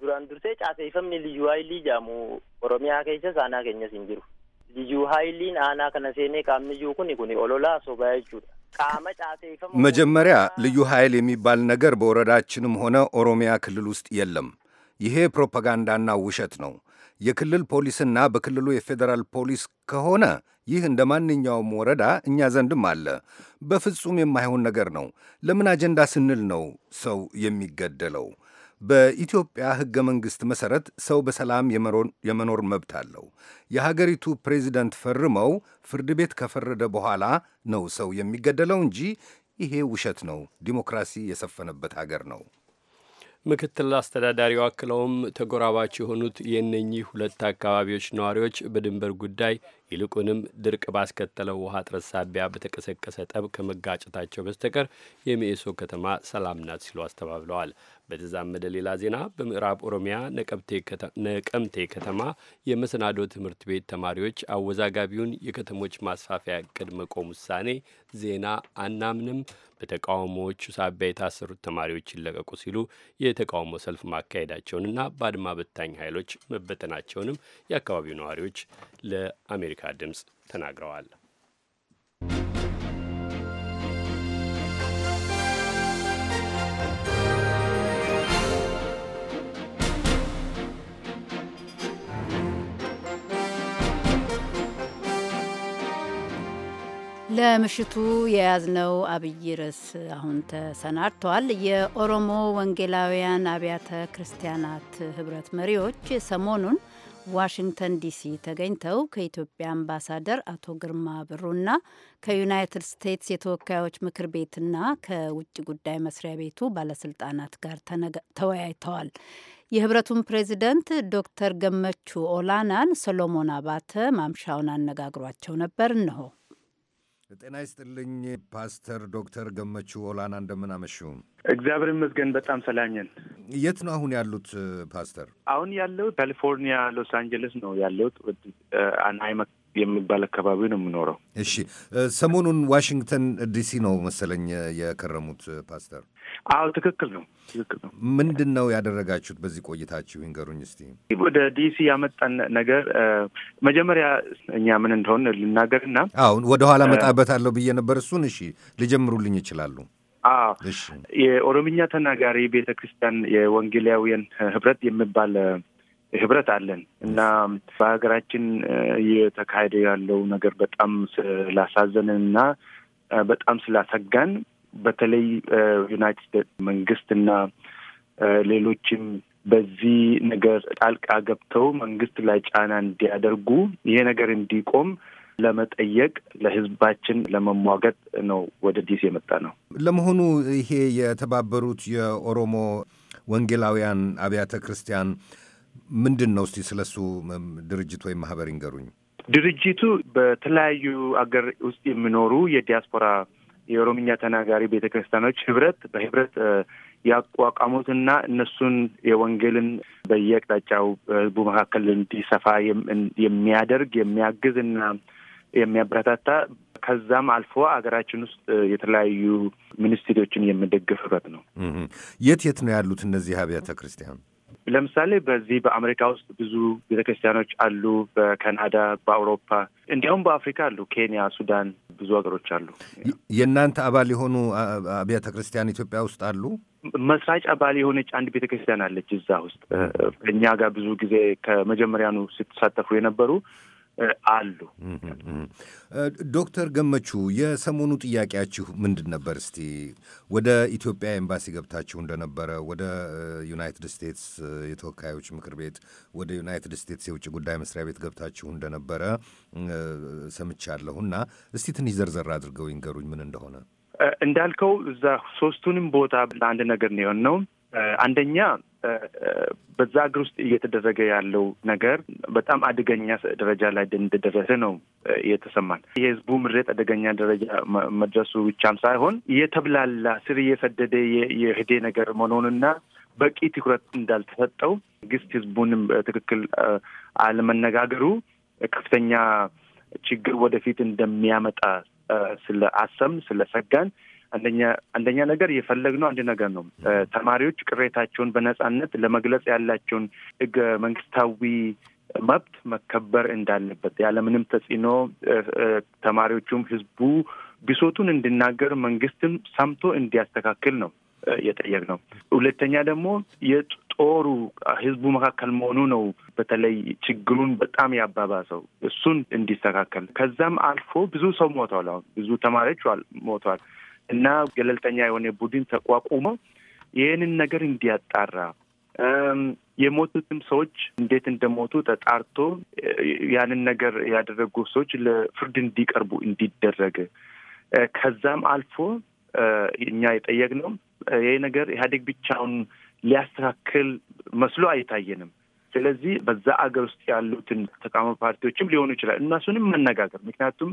Speaker 8: ዱራን ዱርሴ ጫሴ ይፈምኒ ልዩ ሀይሊ ጃሙ ኦሮሚያ ከይሰ ሳና ከኘ ሲንጅሩ ልዩ ሀይሊን አና ከነሴኔ ቃምዩ ኩን ኩን ኦሎላ ሶባያጁ
Speaker 1: መጀመሪያ ልዩ ኃይል የሚባል ነገር በወረዳችንም ሆነ ኦሮሚያ ክልል ውስጥ የለም። ይሄ ፕሮፓጋንዳና ውሸት ነው። የክልል ፖሊስና በክልሉ የፌዴራል ፖሊስ ከሆነ ይህ እንደ ማንኛውም ወረዳ እኛ ዘንድም አለ። በፍጹም የማይሆን ነገር ነው። ለምን አጀንዳ ስንል ነው ሰው የሚገደለው? በኢትዮጵያ ሕገ መንግሥት መሠረት ሰው በሰላም የመኖር መብት አለው። የሀገሪቱ ፕሬዚደንት ፈርመው ፍርድ ቤት ከፈረደ በኋላ ነው ሰው የሚገደለው እንጂ ይሄ ውሸት ነው። ዲሞክራሲ የሰፈነበት
Speaker 7: ሀገር ነው። ምክትል አስተዳዳሪው አክለውም ተጎራባች የሆኑት የእነኚህ ሁለት አካባቢዎች ነዋሪዎች በድንበር ጉዳይ ይልቁንም ድርቅ ባስከተለው ውሃ ጥረት ሳቢያ በተቀሰቀሰ ጠብ ከመጋጨታቸው በስተቀር የሚኤሶ ከተማ ሰላም ናት ሲሉ አስተባብለዋል። በተዛመደ ሌላ ዜና በምዕራብ ኦሮሚያ ነቀምቴ ከተማ የመሰናዶ ትምህርት ቤት ተማሪዎች አወዛጋቢውን የከተሞች ማስፋፊያ እቅድ መቆም ውሳኔ ዜና አናምንም፣ በተቃውሞዎቹ ሳቢያ የታሰሩት ተማሪዎች ይለቀቁ ሲሉ የተቃውሞ ሰልፍ ማካሄዳቸውንና በአድማ በታኝ ኃይሎች መበተናቸውንም የአካባቢው ነዋሪዎች ለአሜሪካ ድምፅ ተናግረዋል።
Speaker 2: ለምሽቱ የያዝነው አብይ ርዕስ አሁን ተሰናድተዋል። የኦሮሞ ወንጌላውያን አብያተ ክርስቲያናት ህብረት መሪዎች ሰሞኑን ዋሽንግተን ዲሲ ተገኝተው ከኢትዮጵያ አምባሳደር አቶ ግርማ ብሩና ከዩናይትድ ስቴትስ የተወካዮች ምክር ቤትና ከውጭ ጉዳይ መስሪያ ቤቱ ባለስልጣናት ጋር ተወያይተዋል። የህብረቱን ፕሬዚደንት ዶክተር ገመቹ ኦላናን ሰሎሞን አባተ ማምሻውን አነጋግሯቸው ነበር። እንሆ
Speaker 1: ጤና ይስጥልኝ ፓስተር ዶክተር ገመቹ ኦላና እንደምን አመሹ?
Speaker 3: እግዚአብሔር ይመስገን በጣም ሰላኘን
Speaker 1: የት ነው አሁን ያሉት ፓስተር?
Speaker 3: አሁን ያለው ካሊፎርኒያ ሎስ አንጀለስ ነው ያለሁት አናይመ የሚባል አካባቢ ነው የምኖረው።
Speaker 1: እሺ፣ ሰሞኑን ዋሽንግተን ዲሲ ነው መሰለኝ የከረሙት ፓስተር? አዎ ትክክል ነው፣ ትክክል ነው። ምንድን ነው ያደረጋችሁት በዚህ ቆይታችሁ? ይንገሩኝ እስቲ።
Speaker 3: ወደ ዲሲ ያመጣን ነገር መጀመሪያ እኛ ምን እንደሆን ልናገርና አሁን ወደኋላ
Speaker 1: መጣበታለሁ ብዬ ነበር እሱን። እሺ ሊጀምሩልኝ ይችላሉ?
Speaker 3: የኦሮምኛ ተናጋሪ ቤተ ክርስቲያን የወንጌላውያን ህብረት የሚባል ህብረት አለን እና በሀገራችን እየተካሄደ ያለው ነገር በጣም ስላሳዘንን እና በጣም ስላሰጋን በተለይ ዩናይትድ ስቴትስ መንግስት እና ሌሎችም በዚህ ነገር ጣልቃ ገብተው መንግስት ላይ ጫና እንዲያደርጉ ይሄ ነገር እንዲቆም ለመጠየቅ ለህዝባችን ለመሟገጥ ነው ወደ ዲሲ የመጣ ነው።
Speaker 1: ለመሆኑ ይሄ የተባበሩት የኦሮሞ ወንጌላውያን አብያተ ክርስቲያን ምንድን ነው? እስቲ ስለሱ ድርጅት ወይም ማህበር ይንገሩኝ።
Speaker 3: ድርጅቱ በተለያዩ አገር ውስጥ የሚኖሩ የዲያስፖራ የኦሮምኛ ተናጋሪ ቤተ ክርስቲያኖች ህብረት በህብረት ያቋቋሙትና እነሱን የወንጌልን በየአቅጣጫው ህዝቡ መካከል እንዲሰፋ የሚያደርግ የሚያግዝ እና የሚያበረታታ ከዛም አልፎ ሀገራችን ውስጥ የተለያዩ ሚኒስትሪዎችን የምደግፍ ህብረት ነው።
Speaker 1: የት የት ነው ያሉት እነዚህ አብያተ ክርስቲያን?
Speaker 3: ለምሳሌ በዚህ በአሜሪካ ውስጥ ብዙ ቤተክርስቲያኖች አሉ፣ በካናዳ፣ በአውሮፓ እንዲያውም በአፍሪካ አሉ። ኬንያ፣ ሱዳን፣ ብዙ ሀገሮች አሉ።
Speaker 1: የእናንተ አባል የሆኑ አብያተ ክርስቲያን ኢትዮጵያ ውስጥ አሉ።
Speaker 3: መስራች አባል የሆነች አንድ ቤተ ክርስቲያን አለች እዛ ውስጥ ከእኛ ጋር ብዙ ጊዜ ከመጀመሪያኑ ስትሳተፉ የነበሩ አሉ።
Speaker 1: ዶክተር ገመቹ የሰሞኑ ጥያቄያችሁ ምንድን ነበር? እስቲ ወደ ኢትዮጵያ ኤምባሲ ገብታችሁ እንደነበረ ወደ ዩናይትድ ስቴትስ የተወካዮች ምክር ቤት፣ ወደ ዩናይትድ ስቴትስ የውጭ ጉዳይ መስሪያ ቤት ገብታችሁ እንደነበረ ሰምቻለሁ እና እስቲ ትንሽ ዘርዘር አድርገው ይንገሩኝ ምን እንደሆነ።
Speaker 3: እንዳልከው እዛ ሶስቱንም ቦታ ለአንድ ነገር ነው የሆነው። አንደኛ በዛ ሀገር ውስጥ እየተደረገ ያለው ነገር በጣም አደገኛ ደረጃ ላይ እንደደረሰ ነው የተሰማን። የህዝቡ ምሬት አደገኛ ደረጃ መድረሱ ብቻም ሳይሆን የተብላላ ስር እየሰደደ የህዴ ነገር መሆኑንና በቂ ትኩረት እንዳልተሰጠው መንግስት ህዝቡንም ትክክል አለመነጋገሩ ከፍተኛ ችግር ወደፊት እንደሚያመጣ ስለ አሰም ስለ ሰጋን አንደኛ አንደኛ ነገር የፈለግነው አንድ ነገር ነው። ተማሪዎች ቅሬታቸውን በነጻነት ለመግለጽ ያላቸውን ህገ መንግስታዊ መብት መከበር እንዳለበት ያለምንም ተጽዕኖ ተማሪዎቹም ህዝቡ ብሶቱን እንዲናገር መንግስትም ሰምቶ እንዲያስተካክል ነው ነው። ሁለተኛ ደግሞ የጦሩ ህዝቡ መካከል መሆኑ ነው በተለይ ችግሩን በጣም ያባባሰው እሱን እንዲስተካከል። ከዛም አልፎ ብዙ ሰው ሞተዋል። አሁን ብዙ ተማሪዎች ሞተዋል። እና ገለልተኛ የሆነ ቡድን ተቋቁሞ ይህንን ነገር እንዲያጣራ የሞቱትም ሰዎች እንዴት እንደሞቱ ተጣርቶ ያንን ነገር ያደረጉ ሰዎች ለፍርድ እንዲቀርቡ እንዲደረግ ከዛም አልፎ እኛ የጠየቅነው ይህ ነገር ኢህአዴግ ብቻውን ሊያስተካክል መስሎ አይታየንም። ስለዚህ በዛ አገር ውስጥ ያሉትን ተቃውሞ ፓርቲዎችም ሊሆኑ ይችላል እነሱንም መነጋገር ምክንያቱም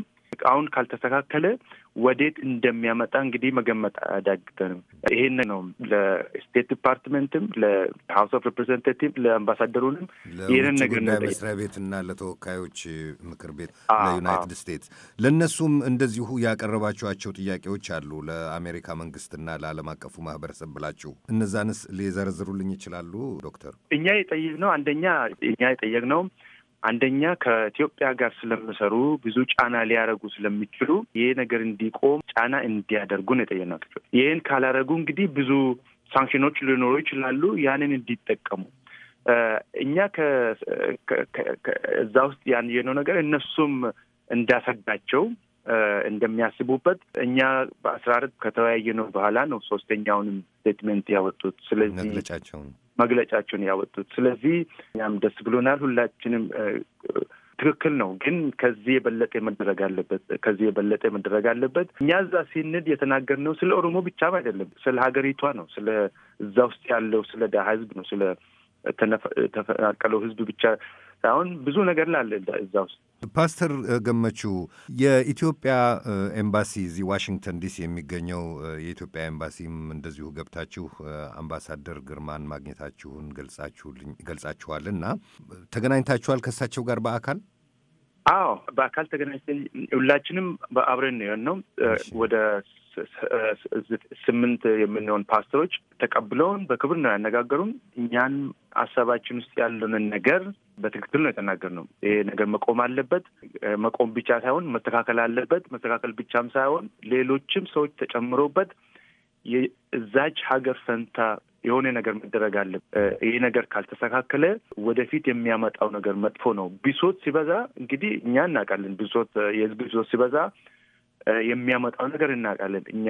Speaker 3: አሁን ካልተስተካከለ ወዴት እንደሚያመጣ እንግዲህ መገመጥ አዳግተንም ይሄን ነው ለስቴት ዲፓርትመንትም ለሀውስ ኦፍ ሪፕሬዘንታቲቭ ለአምባሳደሩንም ይህንን ነገር
Speaker 1: ቤት እና ለተወካዮች ምክር ቤት ለዩናይትድ ስቴትስ ለእነሱም እንደዚሁ ያቀረባችኋቸው ጥያቄዎች አሉ ለአሜሪካ መንግስትና ለአለም አቀፉ ማህበረሰብ ብላችሁ እነዛንስ ሊዘረዝሩልኝ ይችላሉ ዶክተር?
Speaker 3: እኛ ነው አንደ አንደኛ እኛ የጠየቅነው አንደኛ ከኢትዮጵያ ጋር ስለምሰሩ ብዙ ጫና ሊያደረጉ ስለሚችሉ ይሄ ነገር እንዲቆም ጫና እንዲያደርጉን የጠየቅነው። ይህን ካላደረጉ እንግዲህ ብዙ ሳንክሽኖች ሊኖሩ ይችላሉ። ያንን እንዲጠቀሙ እኛ እዛ ውስጥ ያን የነው ነገር እነሱም እንዳሰጋቸው እንደሚያስቡበት እኛ በአስራ አራት ከተወያየነው በኋላ ነው ሶስተኛውንም ስቴትመንት ያወጡት። ስለዚህ መግለጫቸውን መግለጫቸውን ያወጡት። ስለዚህ እኛም ደስ ብሎናል። ሁላችንም ትክክል ነው፣ ግን ከዚህ የበለጠ መደረግ አለበት። ከዚህ የበለጠ መደረግ አለበት። እኛ እዛ ሲንድ የተናገርነው ስለ ኦሮሞ ብቻም አይደለም፣ ስለ ሀገሪቷ ነው። ስለ እዛ ውስጥ ያለው ስለ ድሀ ህዝብ ነው፣ ስለ የተፈናቀለው ህዝብ ብቻ ሳይሆን ብዙ ነገር ላለ እዛ ውስጥ።
Speaker 1: ፓስተር ገመቹ የኢትዮጵያ ኤምባሲ እዚህ ዋሽንግተን ዲሲ የሚገኘው የኢትዮጵያ ኤምባሲም እንደዚሁ ገብታችሁ አምባሳደር ግርማን ማግኘታችሁን ገልጻችኋል እና ተገናኝታችኋል ከእሳቸው ጋር በአካል?
Speaker 3: አዎ፣ በአካል ተገናኝተን ሁላችንም አብረን ነው ወደ ስምንት የምንሆን ፓስተሮች ተቀብለውን በክብር ነው ያነጋገሩን። እኛን ሀሳባችን ውስጥ ያለንን ነገር በትክክል ነው ነው። ይሄ ነገር መቆም አለበት። መቆም ብቻ ሳይሆን መስተካከል አለበት። መስተካከል ብቻም ሳይሆን ሌሎችም ሰዎች ተጨምሮበት የዛች ሀገር ፈንታ የሆነ ነገር መደረግ አለ። ይህ ነገር ካልተስተካከለ ወደፊት የሚያመጣው ነገር መጥፎ ነው። ብሶት ሲበዛ እንግዲህ እኛ እናውቃለን። ብሶት የህዝብ ብሶት ሲበዛ የሚያመጣው ነገር እናውቃለን። እኛ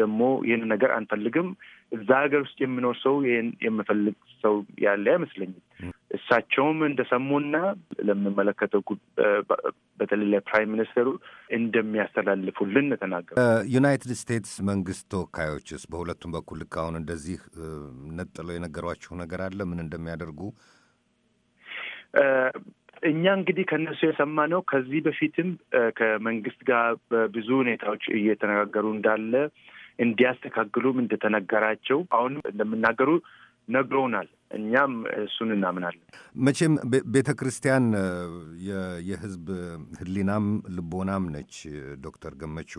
Speaker 3: ደግሞ ይህን ነገር አንፈልግም። እዛ ሀገር ውስጥ የሚኖር ሰው ይህን የምፈልግ ሰው ያለ አይመስለኝም። እሳቸውም እንደሰሙና ለምንመለከተው በተለይ ለፕራይም ሚኒስትሩ እንደሚያስተላልፉልን ተናገሩ።
Speaker 1: ዩናይትድ ስቴትስ መንግስት ተወካዮችስ በሁለቱም በኩል ልክ አሁን እንደዚህ ነጥለው የነገሯችሁ ነገር አለ ምን እንደሚያደርጉ?
Speaker 3: እኛ እንግዲህ ከእነሱ የሰማነው ከዚህ በፊትም ከመንግስት ጋር በብዙ ሁኔታዎች እየተነጋገሩ እንዳለ እንዲያስተካክሉም እንደተነገራቸው አሁንም እንደምናገሩ ነግሮናል። እኛም እሱን እናምናለን።
Speaker 1: መቼም ቤተ ክርስቲያን የህዝብ ህሊናም ልቦናም ነች ዶክተር ገመቹ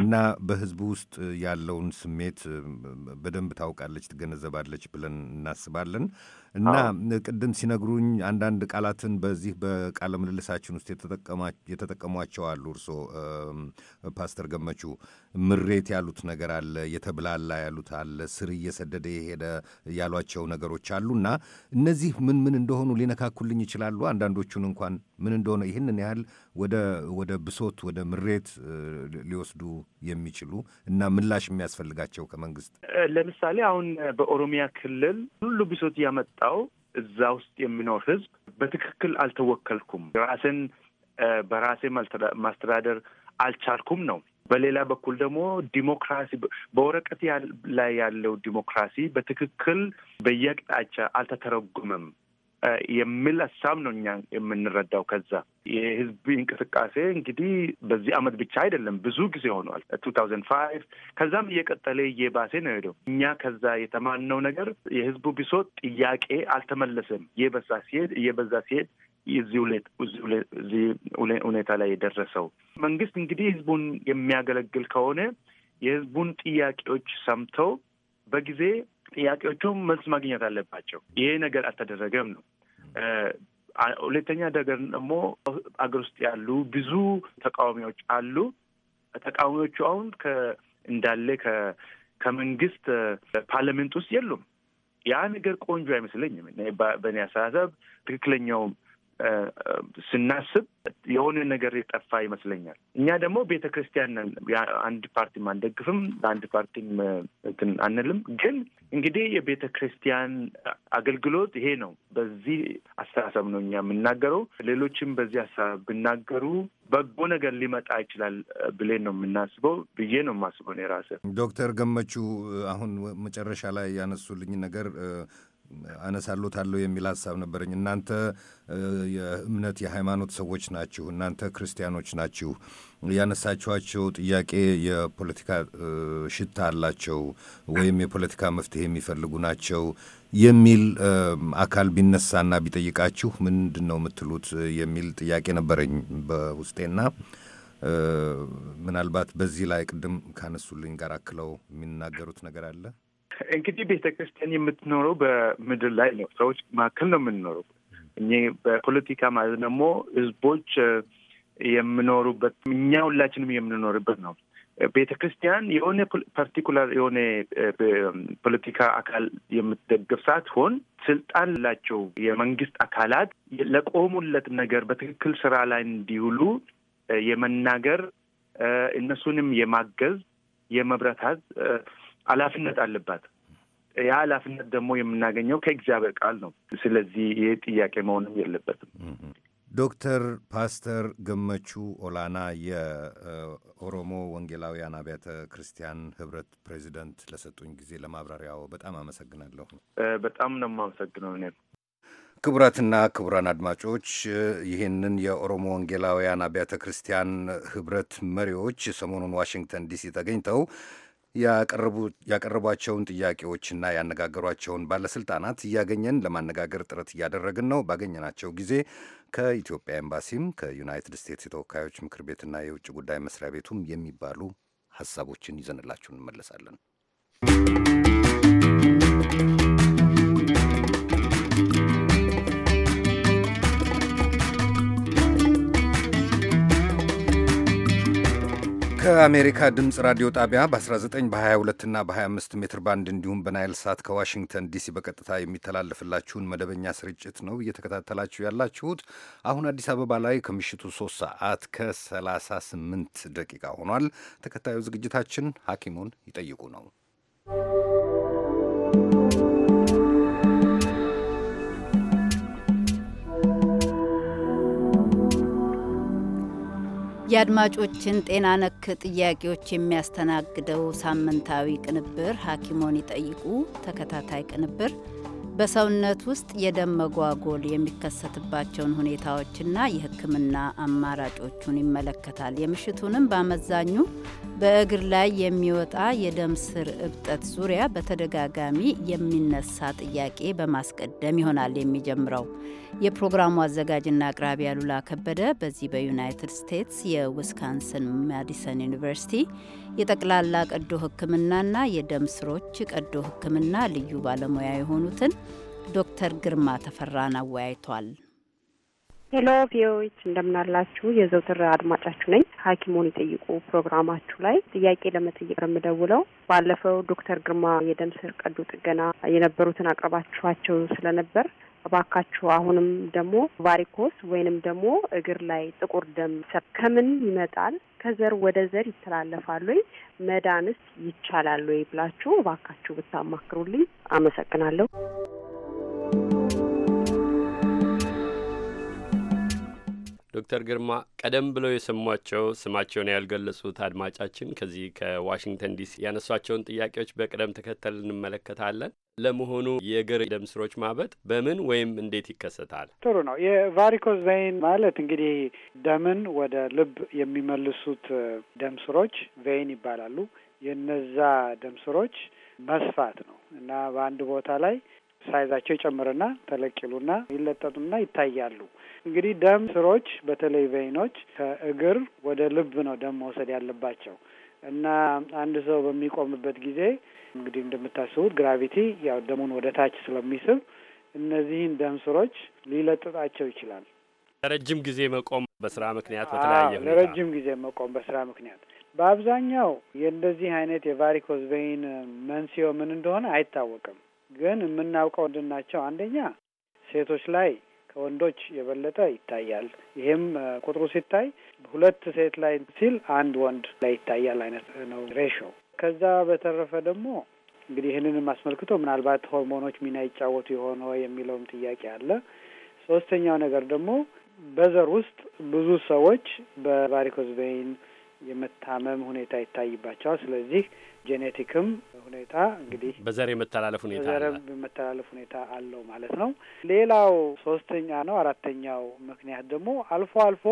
Speaker 1: እና በህዝቡ ውስጥ ያለውን ስሜት በደንብ ታውቃለች፣ ትገነዘባለች ብለን እናስባለን እና ቅድም ሲነግሩኝ አንዳንድ ቃላትን በዚህ በቃለ ምልልሳችን ውስጥ የተጠቀሟቸው አሉ እርስዎ ፓስተር ገመቹ ምሬት ያሉት ነገር አለ፣ የተብላላ ያሉት አለ፣ ስር እየሰደደ የሄደ ያሏቸው ነገሮች አሉ አሉና እነዚህ ምን ምን እንደሆኑ ሊነካኩልኝ ይችላሉ። አንዳንዶቹን እንኳን ምን እንደሆነ ይህንን ያህል ወደ ብሶት፣ ወደ ምሬት ሊወስዱ የሚችሉ እና ምላሽ የሚያስፈልጋቸው ከመንግስት
Speaker 3: ለምሳሌ አሁን በኦሮሚያ ክልል ሁሉ ብሶት ያመጣው እዛ ውስጥ የሚኖር ህዝብ በትክክል አልተወከልኩም፣ ራስን በራሴ ማስተዳደር አልቻልኩም ነው በሌላ በኩል ደግሞ ዲሞክራሲ በወረቀት ላይ ያለው ዲሞክራሲ በትክክል በየቅጣቻ አልተተረጉምም የሚል ሀሳብ ነው እኛ የምንረዳው። ከዛ የህዝብ እንቅስቃሴ እንግዲህ በዚህ አመት ብቻ አይደለም ብዙ ጊዜ ሆኗል። ቱ ታውዘንድ ፋይቭ ከዛም እየቀጠለ እየባሴ ነው ሄደው። እኛ ከዛ የተማንነው ነገር የህዝቡ ብሶት ጥያቄ አልተመለሰም። እየበዛ ሲሄድ እየበዛ ሲሄድ እዚህ ሁኔታ ላይ የደረሰው መንግስት እንግዲህ ህዝቡን የሚያገለግል ከሆነ የህዝቡን ጥያቄዎች ሰምተው በጊዜ ጥያቄዎቹ መልስ ማግኘት አለባቸው። ይሄ ነገር አልተደረገም ነው። ሁለተኛ ነገር ደግሞ አገር ውስጥ ያሉ ብዙ ተቃዋሚዎች አሉ። ተቃዋሚዎቹ አሁን እንዳለ ከመንግስት ፓርላሜንት ውስጥ የሉም። ያ ነገር ቆንጆ አይመስለኝም። በእኔ አስተሳሰብ ትክክለኛው ስናስብ የሆነ ነገር የጠፋ ይመስለኛል። እኛ ደግሞ ቤተ ክርስቲያን አንድ ፓርቲም አንደግፍም፣ ለአንድ ፓርቲም እንትን አንልም። ግን እንግዲህ የቤተ ክርስቲያን አገልግሎት ይሄ ነው። በዚህ አስተሳሰብ ነው እኛ የምናገረው። ሌሎችም በዚህ አስተሳሰብ ብናገሩ በጎ ነገር ሊመጣ ይችላል ብሌን ነው የምናስበው ብዬ ነው የማስበው እኔ ራሴ።
Speaker 1: ዶክተር ገመቹ አሁን መጨረሻ ላይ ያነሱልኝ ነገር አነሳሎታለሁ የሚል ሀሳብ ነበረኝ። እናንተ የእምነት የሃይማኖት ሰዎች ናችሁ፣ እናንተ ክርስቲያኖች ናችሁ። ያነሳችኋቸው ጥያቄ የፖለቲካ ሽታ አላቸው ወይም የፖለቲካ መፍትሄ የሚፈልጉ ናቸው የሚል አካል ቢነሳና ቢጠይቃችሁ ምንድን ነው የምትሉት የሚል ጥያቄ ነበረኝ በውስጤና ምናልባት በዚህ ላይ ቅድም ካነሱልኝ ጋር አክለው የሚናገሩት ነገር አለ።
Speaker 3: እንግዲህ ቤተ ክርስቲያን የምትኖረው በምድር ላይ ነው። ሰዎች መካከል ነው የምንኖረው እ በፖለቲካ ማለት ደግሞ ህዝቦች የምኖሩበት እኛ ሁላችንም የምንኖርበት ነው። ቤተ ክርስቲያን የሆነ ፓርቲኩላር የሆነ ፖለቲካ አካል የምትደግፍ ሳትሆን ስልጣን ላቸው የመንግስት አካላት ለቆሙለት ነገር በትክክል ስራ ላይ እንዲውሉ የመናገር እነሱንም የማገዝ የመብረታት ኃላፊነት አለባት። ያ ኃላፊነት ደግሞ የምናገኘው ከእግዚአብሔር ቃል ነው። ስለዚህ ይህ ጥያቄ መሆንም የለበትም።
Speaker 1: ዶክተር ፓስተር ገመቹ ኦላና የኦሮሞ ወንጌላውያን አብያተ ክርስቲያን ህብረት ፕሬዚደንት ለሰጡኝ ጊዜ ለማብራሪያው በጣም አመሰግናለሁ።
Speaker 3: በጣም ነው የማመሰግነው እኔም።
Speaker 1: ክቡራትና ክቡራን አድማጮች ይህንን የኦሮሞ ወንጌላውያን አብያተ ክርስቲያን ህብረት መሪዎች ሰሞኑን ዋሽንግተን ዲሲ ተገኝተው ያቀረቧቸውን ጥያቄዎችና ያነጋገሯቸውን ባለስልጣናት እያገኘን ለማነጋገር ጥረት እያደረግን ነው። ባገኘናቸው ጊዜ ከኢትዮጵያ ኤምባሲም ከዩናይትድ ስቴትስ የተወካዮች ምክር ቤትና የውጭ ጉዳይ መስሪያ ቤቱም የሚባሉ ሀሳቦችን ይዘንላችሁ እንመለሳለን። ከአሜሪካ ድምፅ ራዲዮ ጣቢያ በ19 በ22 እና በ25 ሜትር ባንድ እንዲሁም በናይል ሳት ከዋሽንግተን ዲሲ በቀጥታ የሚተላለፍላችሁን መደበኛ ስርጭት ነው እየተከታተላችሁ ያላችሁት። አሁን አዲስ አበባ ላይ ከምሽቱ 3 ሰዓት ከ38 ደቂቃ ሆኗል። ተከታዩ ዝግጅታችን ሐኪሙን ይጠይቁ ነው።
Speaker 2: የአድማጮችን ጤና ነክ ጥያቄዎች የሚያስተናግደው ሳምንታዊ ቅንብር ሐኪሞን ይጠይቁ ተከታታይ ቅንብር በሰውነት ውስጥ የደም መጓጎል የሚከሰትባቸውን ሁኔታዎችና የሕክምና አማራጮቹን ይመለከታል። የምሽቱንም በአመዛኙ በእግር ላይ የሚወጣ የደም ስር እብጠት ዙሪያ በተደጋጋሚ የሚነሳ ጥያቄ በማስቀደም ይሆናል የሚጀምረው። የፕሮግራሙ አዘጋጅና አቅራቢ አሉላ ከበደ በዚህ በዩናይትድ ስቴትስ የዊስካንሰን ማዲሰን ዩኒቨርሲቲ የጠቅላላ ቀዶ ሕክምናና የደም ስሮች ቀዶ ሕክምና ልዩ ባለሙያ የሆኑትን ዶክተር ግርማ ተፈራን አወያይቷል።
Speaker 8: ሄሎ ቪዎች እንደምናላችሁ የዘውትር አድማጫችሁ ነኝ። ሐኪሙን ይጠይቁ ፕሮግራማችሁ ላይ ጥያቄ ለመጠየቅ የምደውለው ባለፈው ዶክተር ግርማ የደም ስር ቀዶ ጥገና የነበሩትን አቅርባችኋቸው ስለነበር እባካችሁ አሁንም ደግሞ ቫሪኮስ ወይንም ደግሞ እግር ላይ ጥቁር ደም ሰብ ከምን ይመጣል? ከዘር ወደ ዘር ይተላለፋሉ ወይ? መዳንስ ይቻላሉ ወይ ብላችሁ እባካችሁ ብታማክሩልኝ አመሰግናለሁ።
Speaker 7: ዶክተር ግርማ ቀደም ብለው የሰሟቸው ስማቸውን ያልገለጹት አድማጫችን ከዚህ ከዋሽንግተን ዲሲ ያነሷቸውን ጥያቄዎች በቅደም ተከተል እንመለከታለን። ለመሆኑ የእግር ደም ስሮች ማበጥ በምን ወይም እንዴት ይከሰታል?
Speaker 9: ጥሩ ነው። የቫሪኮስ ቬይን ማለት እንግዲህ ደምን ወደ ልብ የሚመልሱት ደም ስሮች ቬይን ይባላሉ። የነዛ ደም ስሮች መስፋት ነው እና በአንድ ቦታ ላይ ሳይዛቸው ይጨምርና ተለቅሉና ይለጠጡና ይታያሉ። እንግዲህ ደም ስሮች በተለይ ቬይኖች ከእግር ወደ ልብ ነው ደም መውሰድ ያለባቸው እና አንድ ሰው በሚቆምበት ጊዜ እንግዲህ እንደምታስቡት ግራቪቲ ያው ደሙን ወደ ታች ስለሚስብ እነዚህን ደም ስሮች ሊለጥጣቸው ይችላል።
Speaker 7: ለረጅም ጊዜ መቆም በስራ ምክንያት በተለያየ ለረጅም
Speaker 9: ጊዜ መቆም በስራ ምክንያት በአብዛኛው የእንደዚህ አይነት የቫሪኮዝ ቬይን መንስኤው ምን እንደሆነ አይታወቅም። ግን የምናውቀው ናቸው? አንደኛ ሴቶች ላይ ከወንዶች የበለጠ ይታያል። ይሄም ቁጥሩ ሲታይ ሁለት ሴት ላይ ሲል አንድ ወንድ ላይ ይታያል አይነት ነው ሬሾ። ከዛ በተረፈ ደግሞ እንግዲህ ይህንንም አስመልክቶ ምናልባት ሆርሞኖች ሚና ይጫወቱ የሆነ የሚለውም ጥያቄ አለ። ሶስተኛው ነገር ደግሞ በዘር ውስጥ ብዙ ሰዎች በቫሪኮዝ ቬይን የመታመም ሁኔታ ይታይባቸዋል። ስለዚህ ጄኔቲክም ሁኔታ እንግዲህ
Speaker 7: በዘር የመተላለፍ ሁኔታ በዘር
Speaker 9: የመተላለፍ ሁኔታ አለው ማለት ነው። ሌላው ሶስተኛ ነው። አራተኛው ምክንያት ደግሞ አልፎ አልፎ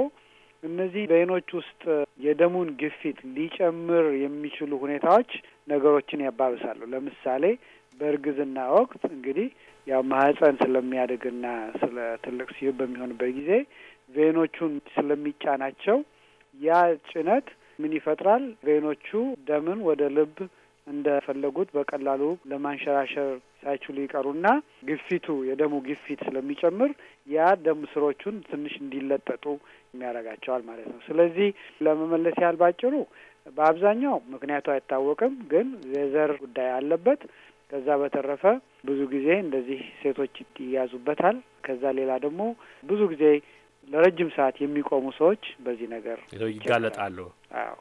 Speaker 9: እነዚህ በይኖች ውስጥ የደሙን ግፊት ሊጨምር የሚችሉ ሁኔታዎች ነገሮችን ያባብሳሉ። ለምሳሌ በእርግዝና ወቅት እንግዲህ ያው ማህፀን ስለሚያድግና ስለ ትልቅ ሲዩ በሚሆንበት ጊዜ ቬኖቹን ስለሚጫናቸው ያ ጭነት ምን ይፈጥራል? ቬኖቹ ደምን ወደ ልብ እንደፈለጉት በቀላሉ ለማንሸራሸር ሳይችሉ ይቀሩና ግፊቱ የደሙ ግፊት ስለሚጨምር ያ ደም ስሮቹን ትንሽ እንዲለጠጡ የሚያደርጋቸዋል ማለት ነው። ስለዚህ ለመመለስ ያህል ባጭሩ በአብዛኛው ምክንያቱ አይታወቅም፣ ግን የዘር ጉዳይ አለበት። ከዛ በተረፈ ብዙ ጊዜ እንደዚህ ሴቶች ይያዙበታል። ከዛ ሌላ ደግሞ ብዙ ጊዜ ለረጅም ሰዓት የሚቆሙ ሰዎች በዚህ ነገር ይጋለጣሉ። አዎ።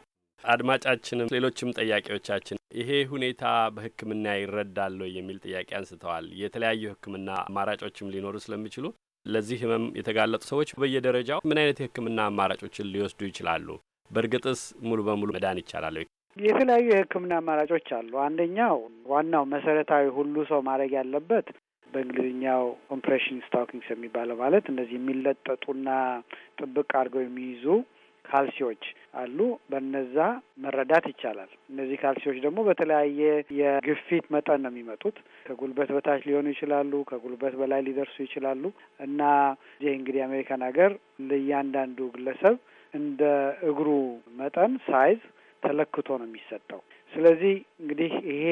Speaker 7: አድማጫችንም ሌሎችም ጥያቄዎቻችን ይሄ ሁኔታ በሕክምና ይረዳሉ የሚል ጥያቄ አንስተዋል። የተለያዩ ሕክምና አማራጮችም ሊኖሩ ስለሚችሉ ለዚህ ህመም የተጋለጡ ሰዎች በየደረጃው ምን አይነት የሕክምና አማራጮችን ሊወስዱ ይችላሉ? በእርግጥስ ሙሉ በሙሉ መዳን ይቻላል?
Speaker 9: የተለያዩ የሕክምና አማራጮች አሉ። አንደኛው ዋናው መሰረታዊ ሁሉ ሰው ማድረግ ያለበት በእንግሊዝኛው ኮምፕሬሽን ስታኪንግስ የሚባለው ማለት እነዚህ የሚለጠጡና ጥብቅ አድርገው የሚይዙ ካልሲዎች አሉ። በነዛ መረዳት ይቻላል። እነዚህ ካልሲዎች ደግሞ በተለያየ የግፊት መጠን ነው የሚመጡት። ከጉልበት በታች ሊሆኑ ይችላሉ፣ ከጉልበት በላይ ሊደርሱ ይችላሉ እና ይህ እንግዲህ የአሜሪካን ሀገር ለእያንዳንዱ ግለሰብ እንደ እግሩ መጠን ሳይዝ ተለክቶ ነው የሚሰጠው። ስለዚህ እንግዲህ ይሄ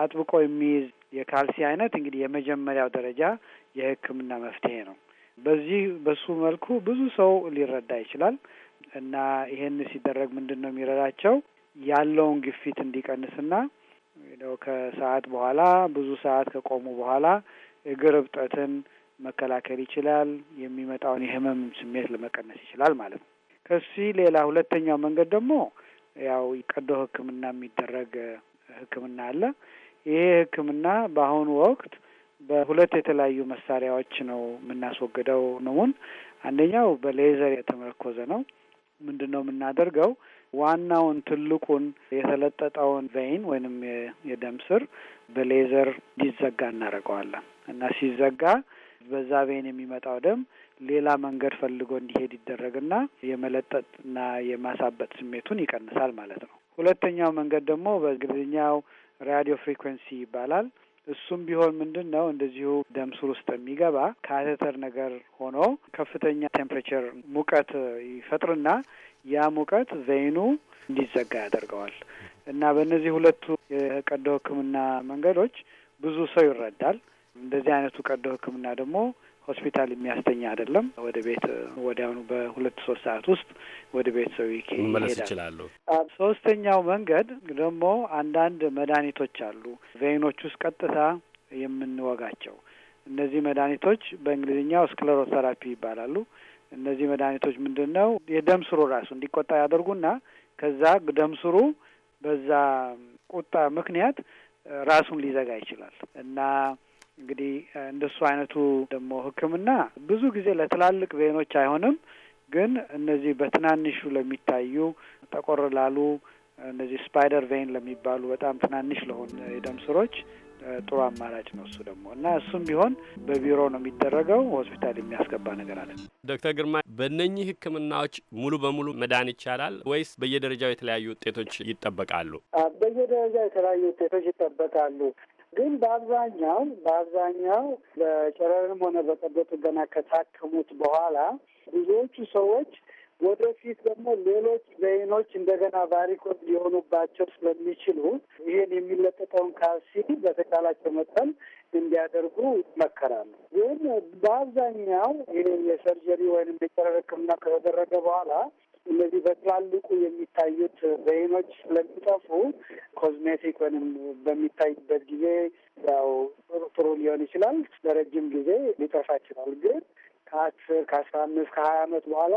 Speaker 9: አጥብቆ የሚይዝ የካልሲ አይነት እንግዲህ የመጀመሪያው ደረጃ የሕክምና መፍትሄ ነው። በዚህ በሱ መልኩ ብዙ ሰው ሊረዳ ይችላል እና ይህን ሲደረግ ምንድን ነው የሚረዳቸው ያለውን ግፊት እንዲቀንስና ው ከሰዓት በኋላ ብዙ ሰዓት ከቆሙ በኋላ እግር እብጠትን መከላከል ይችላል። የሚመጣውን የህመም ስሜት ለመቀነስ ይችላል ማለት ነው። ከዚህ ሌላ ሁለተኛው መንገድ ደግሞ ያው ቀዶ ህክምና የሚደረግ ህክምና አለ። ይሄ ሕክምና በአሁኑ ወቅት በሁለት የተለያዩ መሳሪያዎች ነው የምናስወግደው ንሙን። አንደኛው በሌዘር የተመረኮዘ ነው። ምንድን ነው የምናደርገው? ዋናውን ትልቁን የተለጠጠውን ቬይን ወይንም የደም ስር በሌዘር እንዲዘጋ እናደርገዋለን እና ሲዘጋ በዛ ቬይን የሚመጣው ደም ሌላ መንገድ ፈልጎ እንዲሄድ ይደረግና የመለጠጥና የማሳበጥ ስሜቱን ይቀንሳል ማለት ነው። ሁለተኛው መንገድ ደግሞ በእንግሊዝኛው ራዲዮ ፍሪኩዌንሲ ይባላል። እሱም ቢሆን ምንድን ነው እንደዚሁ ደም ስር ውስጥ የሚገባ ካቴተር ነገር ሆኖ ከፍተኛ ቴምፕሬቸር ሙቀት ይፈጥርና ያ ሙቀት ቬይኑ እንዲዘጋ ያደርገዋል እና በእነዚህ ሁለቱ የቀዶ ሕክምና መንገዶች ብዙ ሰው ይረዳል። እንደዚህ አይነቱ ቀዶ ሕክምና ደግሞ ሆስፒታል የሚያስተኛ አይደለም። ወደ ቤት ወዲያውኑ በሁለት ሶስት ሰዓት ውስጥ ወደ ቤት ሰው ይችላሉ። ሶስተኛው መንገድ ደግሞ አንዳንድ መድኃኒቶች አሉ ቬይኖች ውስጥ ቀጥታ የምንወጋቸው እነዚህ መድኃኒቶች በእንግሊዝኛው ስክለሮቴራፒ ይባላሉ። እነዚህ መድኃኒቶች ምንድን ነው የደም ስሩ ራሱ እንዲቆጣ ያደርጉና ከዛ ደም ስሩ በዛ ቁጣ ምክንያት ራሱን ሊዘጋ ይችላል እና እንግዲህ እንደሱ አይነቱ ደግሞ ሕክምና ብዙ ጊዜ ለትላልቅ ቬኖች አይሆንም። ግን እነዚህ በትናንሹ ለሚታዩ ጠቆር ላሉ እነዚህ ስፓይደር ቬን ለሚባሉ በጣም ትናንሽ ለሆን የደም ስሮች ጥሩ አማራጭ ነው እሱ ደግሞ እና እሱም ቢሆን በቢሮ ነው የሚደረገው። ሆስፒታል የሚያስገባ ነገር አለ።
Speaker 7: ዶክተር ግርማ በእነኚህ ህክምናዎች ሙሉ በሙሉ መዳን ይቻላል ወይስ በየደረጃው የተለያዩ ውጤቶች ይጠበቃሉ?
Speaker 9: በየደረጃው የተለያዩ ውጤቶች ይጠበቃሉ። ግን በአብዛኛው በአብዛኛው በጨረርም ሆነ በቀዶ ጥገና ከታከሙት በኋላ ብዙዎቹ ሰዎች ወደፊት ደግሞ ሌሎች ቬኖች እንደገና ቫሪኮስ ሊሆኑባቸው ስለሚችሉ ይህን የሚለጠጠውን ካልሲ በተቻላቸው መጠን እንዲያደርጉ ይመከራሉ። ግን በአብዛኛው ይህ የሰርጀሪ ወይም የጨረር ሕክምና ከተደረገ በኋላ እነዚህ በትላልቁ የሚታዩት ዘይኖች ስለሚጠፉ ኮዝሜቲክ ወይም በሚታይበት ጊዜ ያው ጥሩ ጥሩ ሊሆን ይችላል። ለረጅም ጊዜ ሊጠፋ ይችላል። ግን ከአስር ከአስራ አምስት ከሀያ ዓመት በኋላ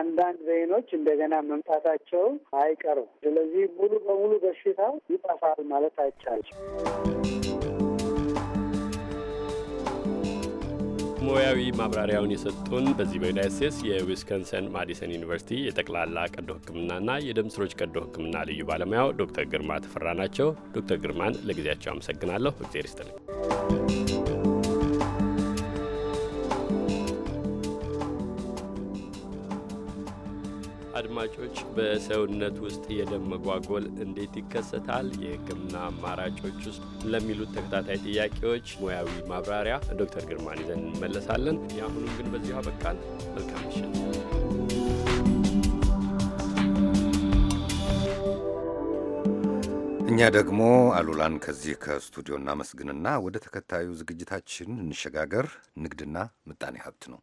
Speaker 9: አንዳንድ ዘይኖች እንደገና መምጣታቸው አይቀርም። ስለዚህ ሙሉ በሙሉ በሽታው ይጠፋል ማለት አይቻልም።
Speaker 7: ሙያዊ ማብራሪያውን የሰጡን በዚህ በዩናይት ስቴትስ የዊስኮንሰን ማዲሰን ዩኒቨርሲቲ የጠቅላላ ቀዶ ሕክምናና የደም ስሮች ቀዶ ሕክምና ልዩ ባለሙያው ዶክተር ግርማ ተፈራ ናቸው። ዶክተር ግርማን ለጊዜያቸው አመሰግናለሁ። እግዜር ይስጥልኝ። አድማጮች በሰውነት ውስጥ የደም መጓጎል እንዴት ይከሰታል? የሕክምና አማራጮች ውስጥ ለሚሉት ተከታታይ ጥያቄዎች ሙያዊ ማብራሪያ ዶክተር ግርማን ይዘን እንመለሳለን። የአሁኑ ግን በዚሁ አበቃን። መልካም ምሽት።
Speaker 1: እኛ ደግሞ አሉላን ከዚህ ከስቱዲዮ እናመስግንና ወደ ተከታዩ ዝግጅታችን እንሸጋገር። ንግድና ምጣኔ ሀብት ነው።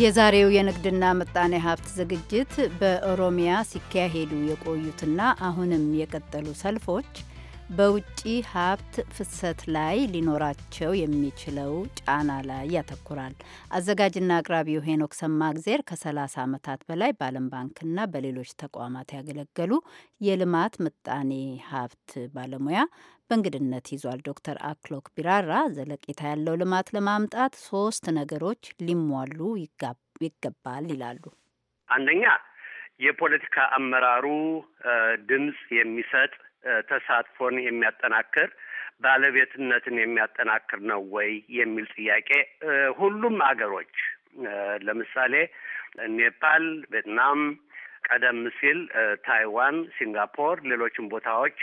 Speaker 2: የዛሬው የንግድና ምጣኔ ሀብት ዝግጅት በኦሮሚያ ሲካሄዱ የቆዩትና አሁንም የቀጠሉ ሰልፎች በውጭ ሀብት ፍሰት ላይ ሊኖራቸው የሚችለው ጫና ላይ ያተኩራል። አዘጋጅና አቅራቢው ሄኖክ ሰማእግዜር ከ30 ዓመታት በላይ በዓለም ባንክና በሌሎች ተቋማት ያገለገሉ የልማት ምጣኔ ሀብት ባለሙያ በእንግድነት ይዟል። ዶክተር አክሎክ ቢራራ ዘለቂታ ያለው ልማት ለማምጣት ሶስት ነገሮች ሊሟሉ ይገባል ይላሉ።
Speaker 8: አንደኛ የፖለቲካ አመራሩ ድምፅ የሚሰጥ ተሳትፎን የሚያጠናክር ባለቤትነትን የሚያጠናክር ነው ወይ የሚል ጥያቄ ሁሉም አገሮች ለምሳሌ ኔፓል፣ ቬትናም፣ ቀደም ሲል ታይዋን፣ ሲንጋፖር፣ ሌሎችም ቦታዎች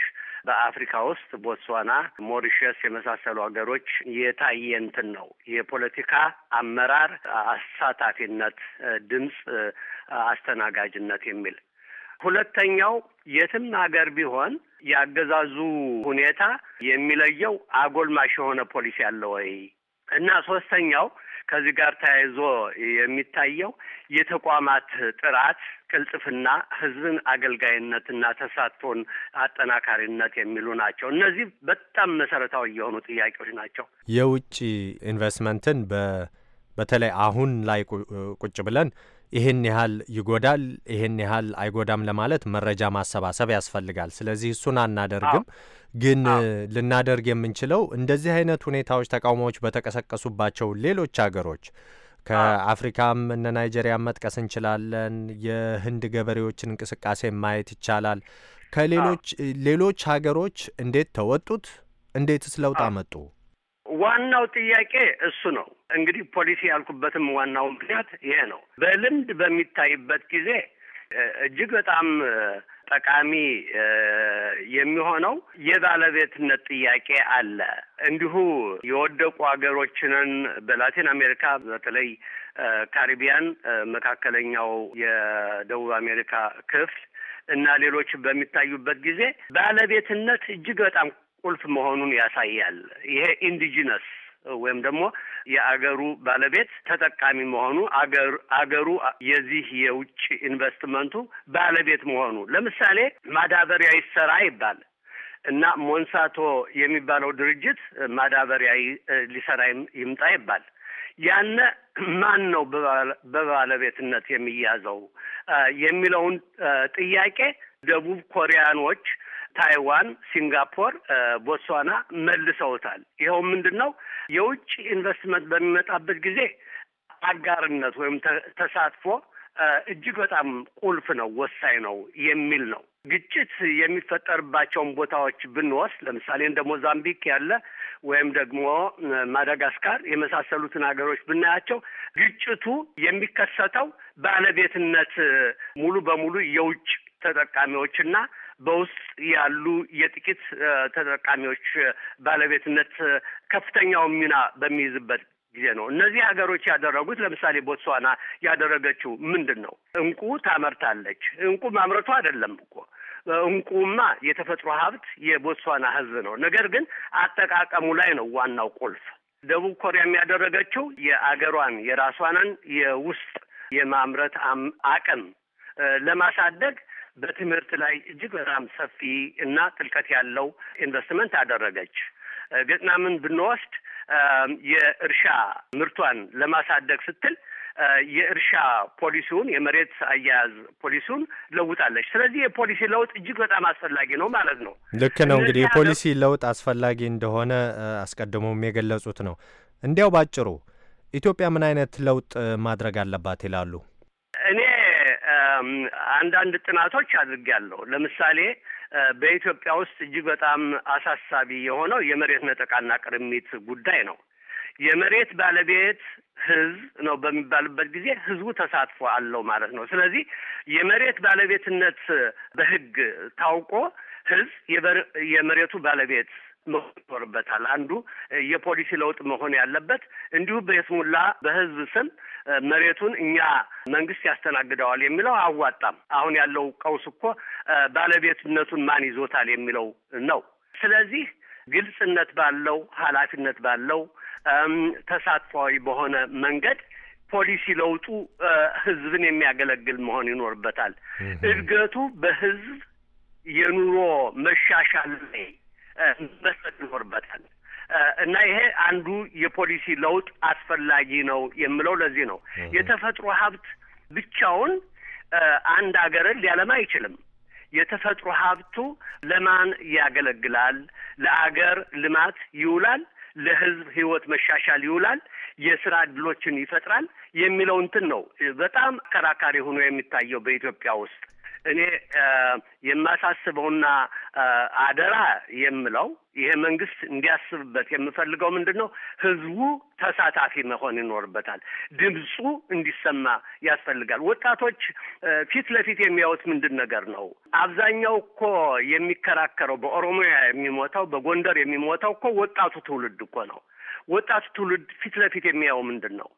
Speaker 8: በአፍሪካ ውስጥ ቦትስዋና፣ ሞሪሸስ የመሳሰሉ ሀገሮች የታየ እንትን ነው የፖለቲካ አመራር አሳታፊነት፣ ድምፅ አስተናጋጅነት የሚል ሁለተኛው የትም ሀገር ቢሆን የአገዛዙ ሁኔታ የሚለየው አጎልማሽ የሆነ ፖሊሲ አለ ወይ እና ሶስተኛው ከዚህ ጋር ተያይዞ የሚታየው የተቋማት ጥራት፣ ቅልጥፍና፣ ህዝብን አገልጋይነትና ተሳትፎን አጠናካሪነት የሚሉ ናቸው። እነዚህ በጣም መሰረታዊ የሆኑ ጥያቄዎች ናቸው።
Speaker 10: የውጭ ኢንቨስትመንትን በተለይ አሁን ላይ ቁጭ ብለን ይህን ያህል ይጎዳል፣ ይህን ያህል አይጎዳም ለማለት መረጃ ማሰባሰብ ያስፈልጋል። ስለዚህ እሱን አናደርግም። ግን ልናደርግ የምንችለው እንደዚህ አይነት ሁኔታዎች፣ ተቃውሞዎች በተቀሰቀሱባቸው ሌሎች አገሮች ከአፍሪካም እነ ናይጄሪያ መጥቀስ እንችላለን። የህንድ ገበሬዎችን እንቅስቃሴ ማየት ይቻላል። ከሌሎች ሌሎች ሀገሮች እንዴት ተወጡት? እንዴትስ ለውጥ አመጡ?
Speaker 8: ዋናው ጥያቄ እሱ ነው። እንግዲህ ፖሊሲ ያልኩበትም ዋናው ምክንያት ይሄ ነው። በልምድ በሚታይበት ጊዜ እጅግ በጣም ጠቃሚ የሚሆነው የባለቤትነት ጥያቄ አለ። እንዲሁ የወደቁ ሀገሮችንን በላቲን አሜሪካ በተለይ ካሪቢያን፣ መካከለኛው የደቡብ አሜሪካ ክፍል እና ሌሎች በሚታዩበት ጊዜ ባለቤትነት እጅግ በጣም ቁልፍ መሆኑን ያሳያል። ይሄ ኢንዲጂነስ ወይም ደግሞ የአገሩ ባለቤት ተጠቃሚ መሆኑ አገር አገሩ የዚህ የውጭ ኢንቨስትመንቱ ባለቤት መሆኑ ለምሳሌ ማዳበሪያ ይሰራ ይባል እና ሞንሳቶ የሚባለው ድርጅት ማዳበሪያ ሊሰራ ይምጣ ይባል ያነ ማን ነው በባለቤትነት የሚያዘው የሚለውን ጥያቄ ደቡብ ኮሪያኖች ታይዋን፣ ሲንጋፖር፣ ቦትስዋና መልሰውታል። ይኸው ምንድን ነው የውጭ ኢንቨስትመንት በሚመጣበት ጊዜ አጋርነት ወይም ተሳትፎ እጅግ በጣም ቁልፍ ነው፣ ወሳኝ ነው የሚል ነው። ግጭት የሚፈጠርባቸውን ቦታዎች ብንወስድ ለምሳሌ እንደ ሞዛምቢክ ያለ ወይም ደግሞ ማዳጋስካር የመሳሰሉትን ሀገሮች ብናያቸው ግጭቱ የሚከሰተው ባለቤትነት ሙሉ በሙሉ የውጭ ተጠቃሚዎችና በውስጥ ያሉ የጥቂት ተጠቃሚዎች ባለቤትነት ከፍተኛውን ሚና በሚይዝበት ጊዜ ነው። እነዚህ ሀገሮች ያደረጉት ለምሳሌ ቦትስዋና ያደረገችው ምንድን ነው? እንቁ ታመርታለች። እንቁ ማምረቱ አይደለም እኮ እንቁማ የተፈጥሮ ሀብት የቦትስዋና ሕዝብ ነው። ነገር ግን አጠቃቀሙ ላይ ነው ዋናው ቁልፍ። ደቡብ ኮሪያም ያደረገችው የአገሯን የራሷንን የውስጥ የማምረት አቅም ለማሳደግ በትምህርት ላይ እጅግ በጣም ሰፊ እና ጥልቀት ያለው ኢንቨስትመንት አደረገች። ቪየትናምን ብንወስድ የእርሻ ምርቷን ለማሳደግ ስትል የእርሻ ፖሊሲውን የመሬት አያያዝ ፖሊሲውን ለውጣለች። ስለዚህ የፖሊሲ ለውጥ እጅግ በጣም አስፈላጊ ነው ማለት ነው። ልክ ነው። እንግዲህ የፖሊሲ
Speaker 10: ለውጥ አስፈላጊ እንደሆነ አስቀድሞም የገለጹት ነው። እንዲያው ባጭሩ ኢትዮጵያ ምን አይነት ለውጥ ማድረግ አለባት ይላሉ?
Speaker 8: አንዳንድ ጥናቶች አድርጌያለሁ። ለምሳሌ በኢትዮጵያ ውስጥ እጅግ በጣም አሳሳቢ የሆነው የመሬት ነጠቃና ቅርሚት ጉዳይ ነው። የመሬት ባለቤት ህዝብ ነው በሚባልበት ጊዜ ህዝቡ ተሳትፎ አለው ማለት ነው። ስለዚህ የመሬት ባለቤትነት በህግ ታውቆ ህዝብ የመሬቱ ባለቤት መሆን ይኖርበታል። አንዱ የፖሊሲ ለውጥ መሆን ያለበት እንዲሁም በየስሙላ በህዝብ ስም መሬቱን እኛ መንግስት ያስተናግደዋል የሚለው አዋጣም። አሁን ያለው ቀውስ እኮ ባለቤትነቱን ማን ይዞታል የሚለው ነው። ስለዚህ ግልጽነት ባለው ኃላፊነት ባለው ተሳትፏዊ በሆነ መንገድ ፖሊሲ ለውጡ ህዝብን የሚያገለግል መሆን ይኖርበታል። እድገቱ በህዝብ የኑሮ መሻሻል ላይ መስጠት ይኖርበታል። እና ይሄ አንዱ የፖሊሲ ለውጥ አስፈላጊ ነው የምለው ለዚህ ነው። የተፈጥሮ ሀብት ብቻውን አንድ አገርን ሊያለማ አይችልም። የተፈጥሮ ሀብቱ ለማን ያገለግላል? ለአገር ልማት ይውላል፣ ለህዝብ ህይወት መሻሻል ይውላል፣ የስራ እድሎችን ይፈጥራል የሚለው እንትን ነው በጣም አከራካሪ ሆኖ የሚታየው በኢትዮጵያ ውስጥ እኔ የማሳስበውና አደራ የምለው ይሄ መንግስት እንዲያስብበት የምፈልገው ምንድን ነው፣ ህዝቡ ተሳታፊ መሆን ይኖርበታል። ድምፁ እንዲሰማ ያስፈልጋል። ወጣቶች ፊት ለፊት የሚያዩት ምንድን ነገር ነው? አብዛኛው እኮ የሚከራከረው በኦሮሚያ የሚሞተው በጎንደር የሚሞተው እኮ ወጣቱ ትውልድ እኮ ነው። ወጣቱ ትውልድ ፊት ለፊት የሚያየው ምንድን ነው?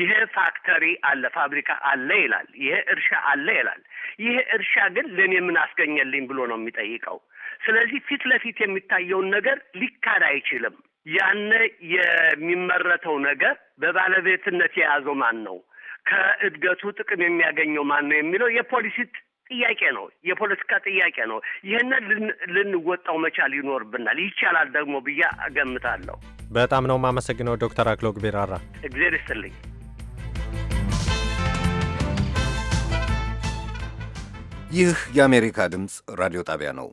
Speaker 8: ይሄ ፋክተሪ አለ፣ ፋብሪካ አለ ይላል። ይሄ እርሻ አለ ይላል። ይሄ እርሻ ግን ለእኔ ምን አስገኘልኝ ብሎ ነው የሚጠይቀው። ስለዚህ ፊት ለፊት የሚታየውን ነገር ሊካድ አይችልም። ያነ የሚመረተው ነገር በባለቤትነት የያዘው ማን ነው? ከእድገቱ ጥቅም የሚያገኘው ማን ነው? የሚለው የፖሊሲ ጥያቄ ነው፣ የፖለቲካ ጥያቄ ነው። ይህንን ልንወጣው መቻል ይኖርብናል። ይቻላል ደግሞ ብዬ እገምታለሁ።
Speaker 10: በጣም ነው የማመሰግነው ዶክተር አክሎግ ቢራራ
Speaker 8: እግዜር ይስጥልኝ።
Speaker 10: ይህ
Speaker 1: የአሜሪካ ድምፅ ራዲዮ ጣቢያ ነው።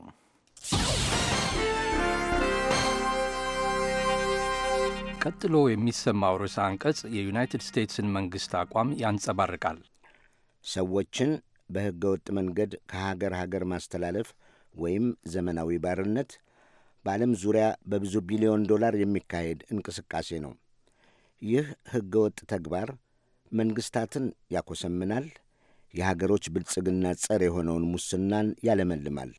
Speaker 11: ቀጥሎ የሚሰማው ርዕሰ አንቀጽ የዩናይትድ ስቴትስን መንግሥት አቋም ያንጸባርቃል። ሰዎችን በሕገ ወጥ መንገድ ከሀገር ሀገር ማስተላለፍ ወይም ዘመናዊ ባርነት በዓለም ዙሪያ በብዙ ቢሊዮን ዶላር የሚካሄድ እንቅስቃሴ ነው። ይህ ሕገ ወጥ ተግባር መንግሥታትን ያኮሰምናል፣ የሀገሮች ብልጽግና ጸር የሆነውን ሙስናን ያለመልማል።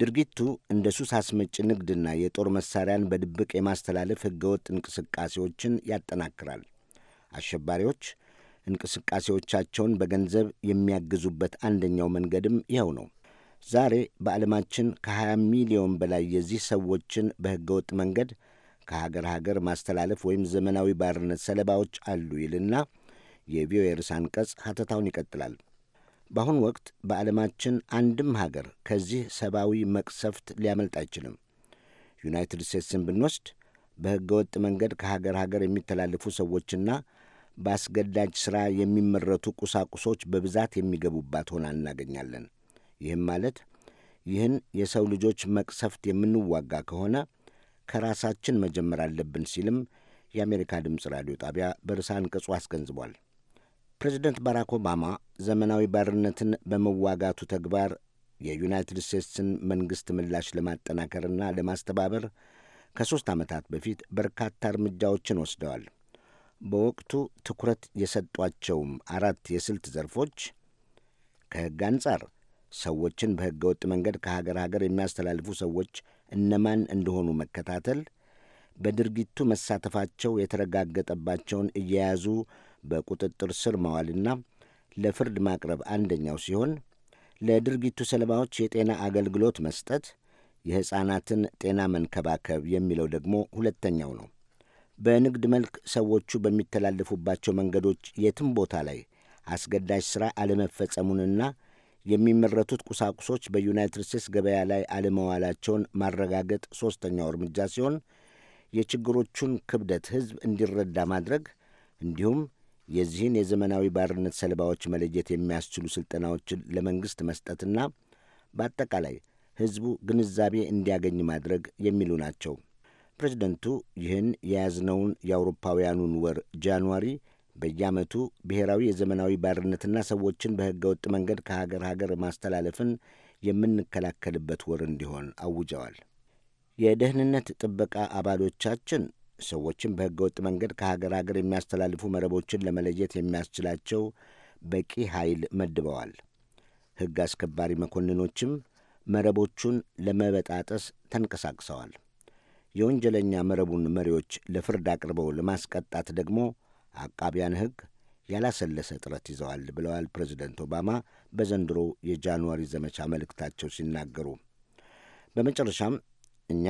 Speaker 11: ድርጊቱ እንደ ሱስ አስመጭ ንግድና የጦር መሳሪያን በድብቅ የማስተላለፍ ሕገ ወጥ እንቅስቃሴዎችን ያጠናክራል። አሸባሪዎች እንቅስቃሴዎቻቸውን በገንዘብ የሚያግዙበት አንደኛው መንገድም ይኸው ነው። ዛሬ በዓለማችን ከ20 ሚሊዮን በላይ የዚህ ሰዎችን በሕገወጥ መንገድ ከሀገር ሀገር ማስተላለፍ ወይም ዘመናዊ ባርነት ሰለባዎች አሉ ይልና የቪኦኤ ርዕሰ አንቀጽ ሐተታውን ይቀጥላል። በአሁኑ ወቅት በዓለማችን አንድም ሀገር ከዚህ ሰብአዊ መቅሰፍት ሊያመልጥ አይችልም። ዩናይትድ ስቴትስን ብንወስድ በሕገ ወጥ መንገድ ከሀገር ሀገር የሚተላለፉ ሰዎችና በአስገዳጅ ሥራ የሚመረቱ ቁሳቁሶች በብዛት የሚገቡባት ሆና እናገኛለን። ይህም ማለት ይህን የሰው ልጆች መቅሰፍት የምንዋጋ ከሆነ ከራሳችን መጀመር አለብን ሲልም የአሜሪካ ድምፅ ራዲዮ ጣቢያ በርዕሰ አንቀጹ አስገንዝቧል። ፕሬዚደንት ባራክ ኦባማ ዘመናዊ ባርነትን በመዋጋቱ ተግባር የዩናይትድ ስቴትስን መንግሥት ምላሽ ለማጠናከርና ለማስተባበር ከሦስት ዓመታት በፊት በርካታ እርምጃዎችን ወስደዋል። በወቅቱ ትኩረት የሰጧቸውም አራት የስልት ዘርፎች ከሕግ አንጻር ሰዎችን በሕገ ወጥ መንገድ ከሀገር ሀገር የሚያስተላልፉ ሰዎች እነማን እንደሆኑ መከታተል፣ በድርጊቱ መሳተፋቸው የተረጋገጠባቸውን እየያዙ በቁጥጥር ስር ማዋልና ለፍርድ ማቅረብ አንደኛው ሲሆን ለድርጊቱ ሰለባዎች የጤና አገልግሎት መስጠት፣ የሕፃናትን ጤና መንከባከብ የሚለው ደግሞ ሁለተኛው ነው። በንግድ መልክ ሰዎቹ በሚተላለፉባቸው መንገዶች የትም ቦታ ላይ አስገዳጅ ሥራ አለመፈጸሙንና የሚመረቱት ቁሳቁሶች በዩናይትድ ስቴትስ ገበያ ላይ አለመዋላቸውን ማረጋገጥ ሦስተኛው እርምጃ ሲሆን የችግሮቹን ክብደት ሕዝብ እንዲረዳ ማድረግ እንዲሁም የዚህን የዘመናዊ ባርነት ሰለባዎች መለየት የሚያስችሉ ሥልጠናዎችን ለመንግሥት መስጠትና በአጠቃላይ ሕዝቡ ግንዛቤ እንዲያገኝ ማድረግ የሚሉ ናቸው። ፕሬዚደንቱ ይህን የያዝነውን የአውሮፓውያኑን ወር ጃንዋሪ በየዓመቱ ብሔራዊ የዘመናዊ ባርነትና ሰዎችን በሕገ ወጥ መንገድ ከሀገር ሀገር ማስተላለፍን የምንከላከልበት ወር እንዲሆን አውጀዋል። የደህንነት ጥበቃ አባሎቻችን ሰዎችን በሕገ ወጥ መንገድ ከሀገር ሀገር የሚያስተላልፉ መረቦችን ለመለየት የሚያስችላቸው በቂ ኃይል መድበዋል። ሕግ አስከባሪ መኮንኖችም መረቦቹን ለመበጣጠስ ተንቀሳቅሰዋል። የወንጀለኛ መረቡን መሪዎች ለፍርድ አቅርበው ለማስቀጣት ደግሞ አቃቢያን ሕግ ያላሰለሰ ጥረት ይዘዋል ብለዋል ፕሬዚደንት ኦባማ በዘንድሮ የጃንዋሪ ዘመቻ መልእክታቸው ሲናገሩ። በመጨረሻም እኛ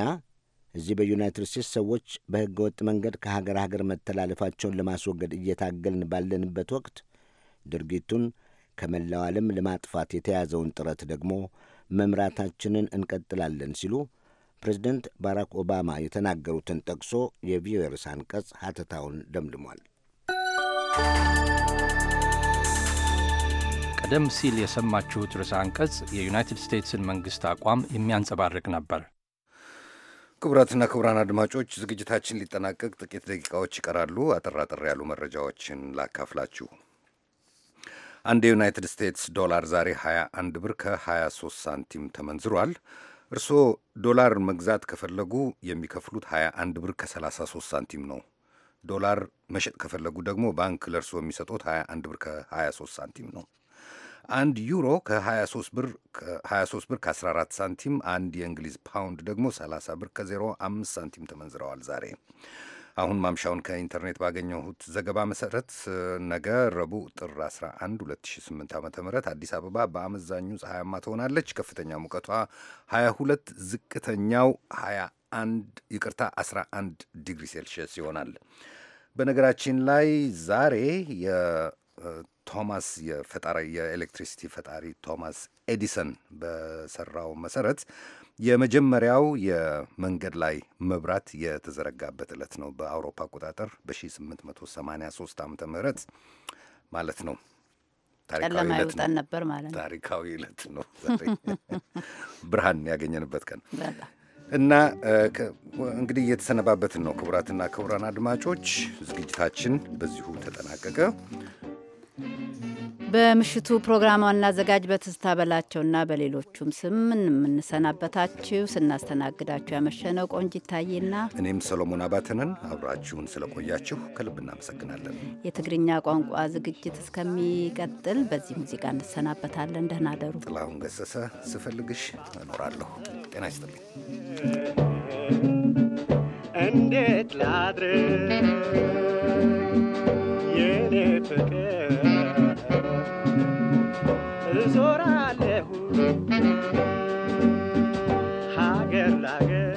Speaker 11: እዚህ በዩናይትድ ስቴትስ ሰዎች በሕገ ወጥ መንገድ ከሀገር ሀገር መተላለፋቸውን ለማስወገድ እየታገልን ባለንበት ወቅት ድርጊቱን ከመላው ዓለም ለማጥፋት የተያዘውን ጥረት ደግሞ መምራታችንን እንቀጥላለን ሲሉ ፕሬዝደንት ባራክ ኦባማ የተናገሩትን ጠቅሶ የቪኦኤ ርዕሰ አንቀጽ ሀተታውን ደምድሟል። ቀደም ሲል የሰማችሁት ርዕሰ አንቀጽ የዩናይትድ
Speaker 1: ስቴትስን መንግሥት አቋም የሚያንጸባርቅ ነበር። ክቡራትና ክቡራን አድማጮች ዝግጅታችን ሊጠናቀቅ ጥቂት ደቂቃዎች ይቀራሉ። አጠር አጠር ያሉ መረጃዎችን ላካፍላችሁ። አንድ የዩናይትድ ስቴትስ ዶላር ዛሬ 21 ብር ከ23 ሳንቲም ተመንዝሯል። እርስዎ ዶላር መግዛት ከፈለጉ የሚከፍሉት 21 ብር ከ33 ሳንቲም ነው። ዶላር መሸጥ ከፈለጉ ደግሞ ባንክ ለእርስዎ የሚሰጡት 21 ብር ከ23 ሳንቲም ነው። አንድ ዩሮ ከ23 ብር ከ14 ሳንቲም፣ አንድ የእንግሊዝ ፓውንድ ደግሞ 30 ብር ከ05 ሳንቲም ተመንዝረዋል ዛሬ አሁን ማምሻውን ከኢንተርኔት ባገኘሁት ዘገባ መሰረት ነገ ረቡዕ ጥር 11 2008 ዓ ም አዲስ አበባ በአመዛኙ ፀሐያማ ትሆናለች። ከፍተኛ ሙቀቷ 22፣ ዝቅተኛው 21 ይቅርታ 11 ዲግሪ ሴልሺየስ ይሆናል። በነገራችን ላይ ዛሬ የቶማስ የፈጣሪ የኤሌክትሪሲቲ ፈጣሪ ቶማስ ኤዲሰን በሰራው መሰረት የመጀመሪያው የመንገድ ላይ መብራት የተዘረጋበት ዕለት ነው። በአውሮፓ አቆጣጠር በ1883 ዓ ም ማለት ነው። ታሪካዊ ዕለት ነው። (laughs) ብርሃን ያገኘንበት ቀን እና እንግዲህ እየተሰነባበትን ነው። ክቡራትና ክቡራን አድማጮች ዝግጅታችን በዚሁ ተጠናቀቀ።
Speaker 2: በምሽቱ ፕሮግራሟን አዘጋጅ በትዝታ በላቸውና በሌሎቹም ስም የምንሰናበታችሁ ስናስተናግዳችሁ ያመሸነው ቆንጅ ይታይና
Speaker 1: እኔም ሰሎሞን አባተንን አብራችሁን ስለቆያችሁ ከልብ እናመሰግናለን።
Speaker 2: የትግርኛ ቋንቋ ዝግጅት እስከሚቀጥል በዚህ ሙዚቃ እንሰናበታለን። ደህና ደሩ። ጥላሁን ገሰሰ ስፈልግሽ እኖራለሁ። ጤና ይስጥልኝ።
Speaker 5: እንዴት ላድር የኔ ፍቅር እዞራለሁ ሀገር ላገር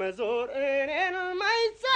Speaker 6: መዞር
Speaker 7: እኔን ማይሳ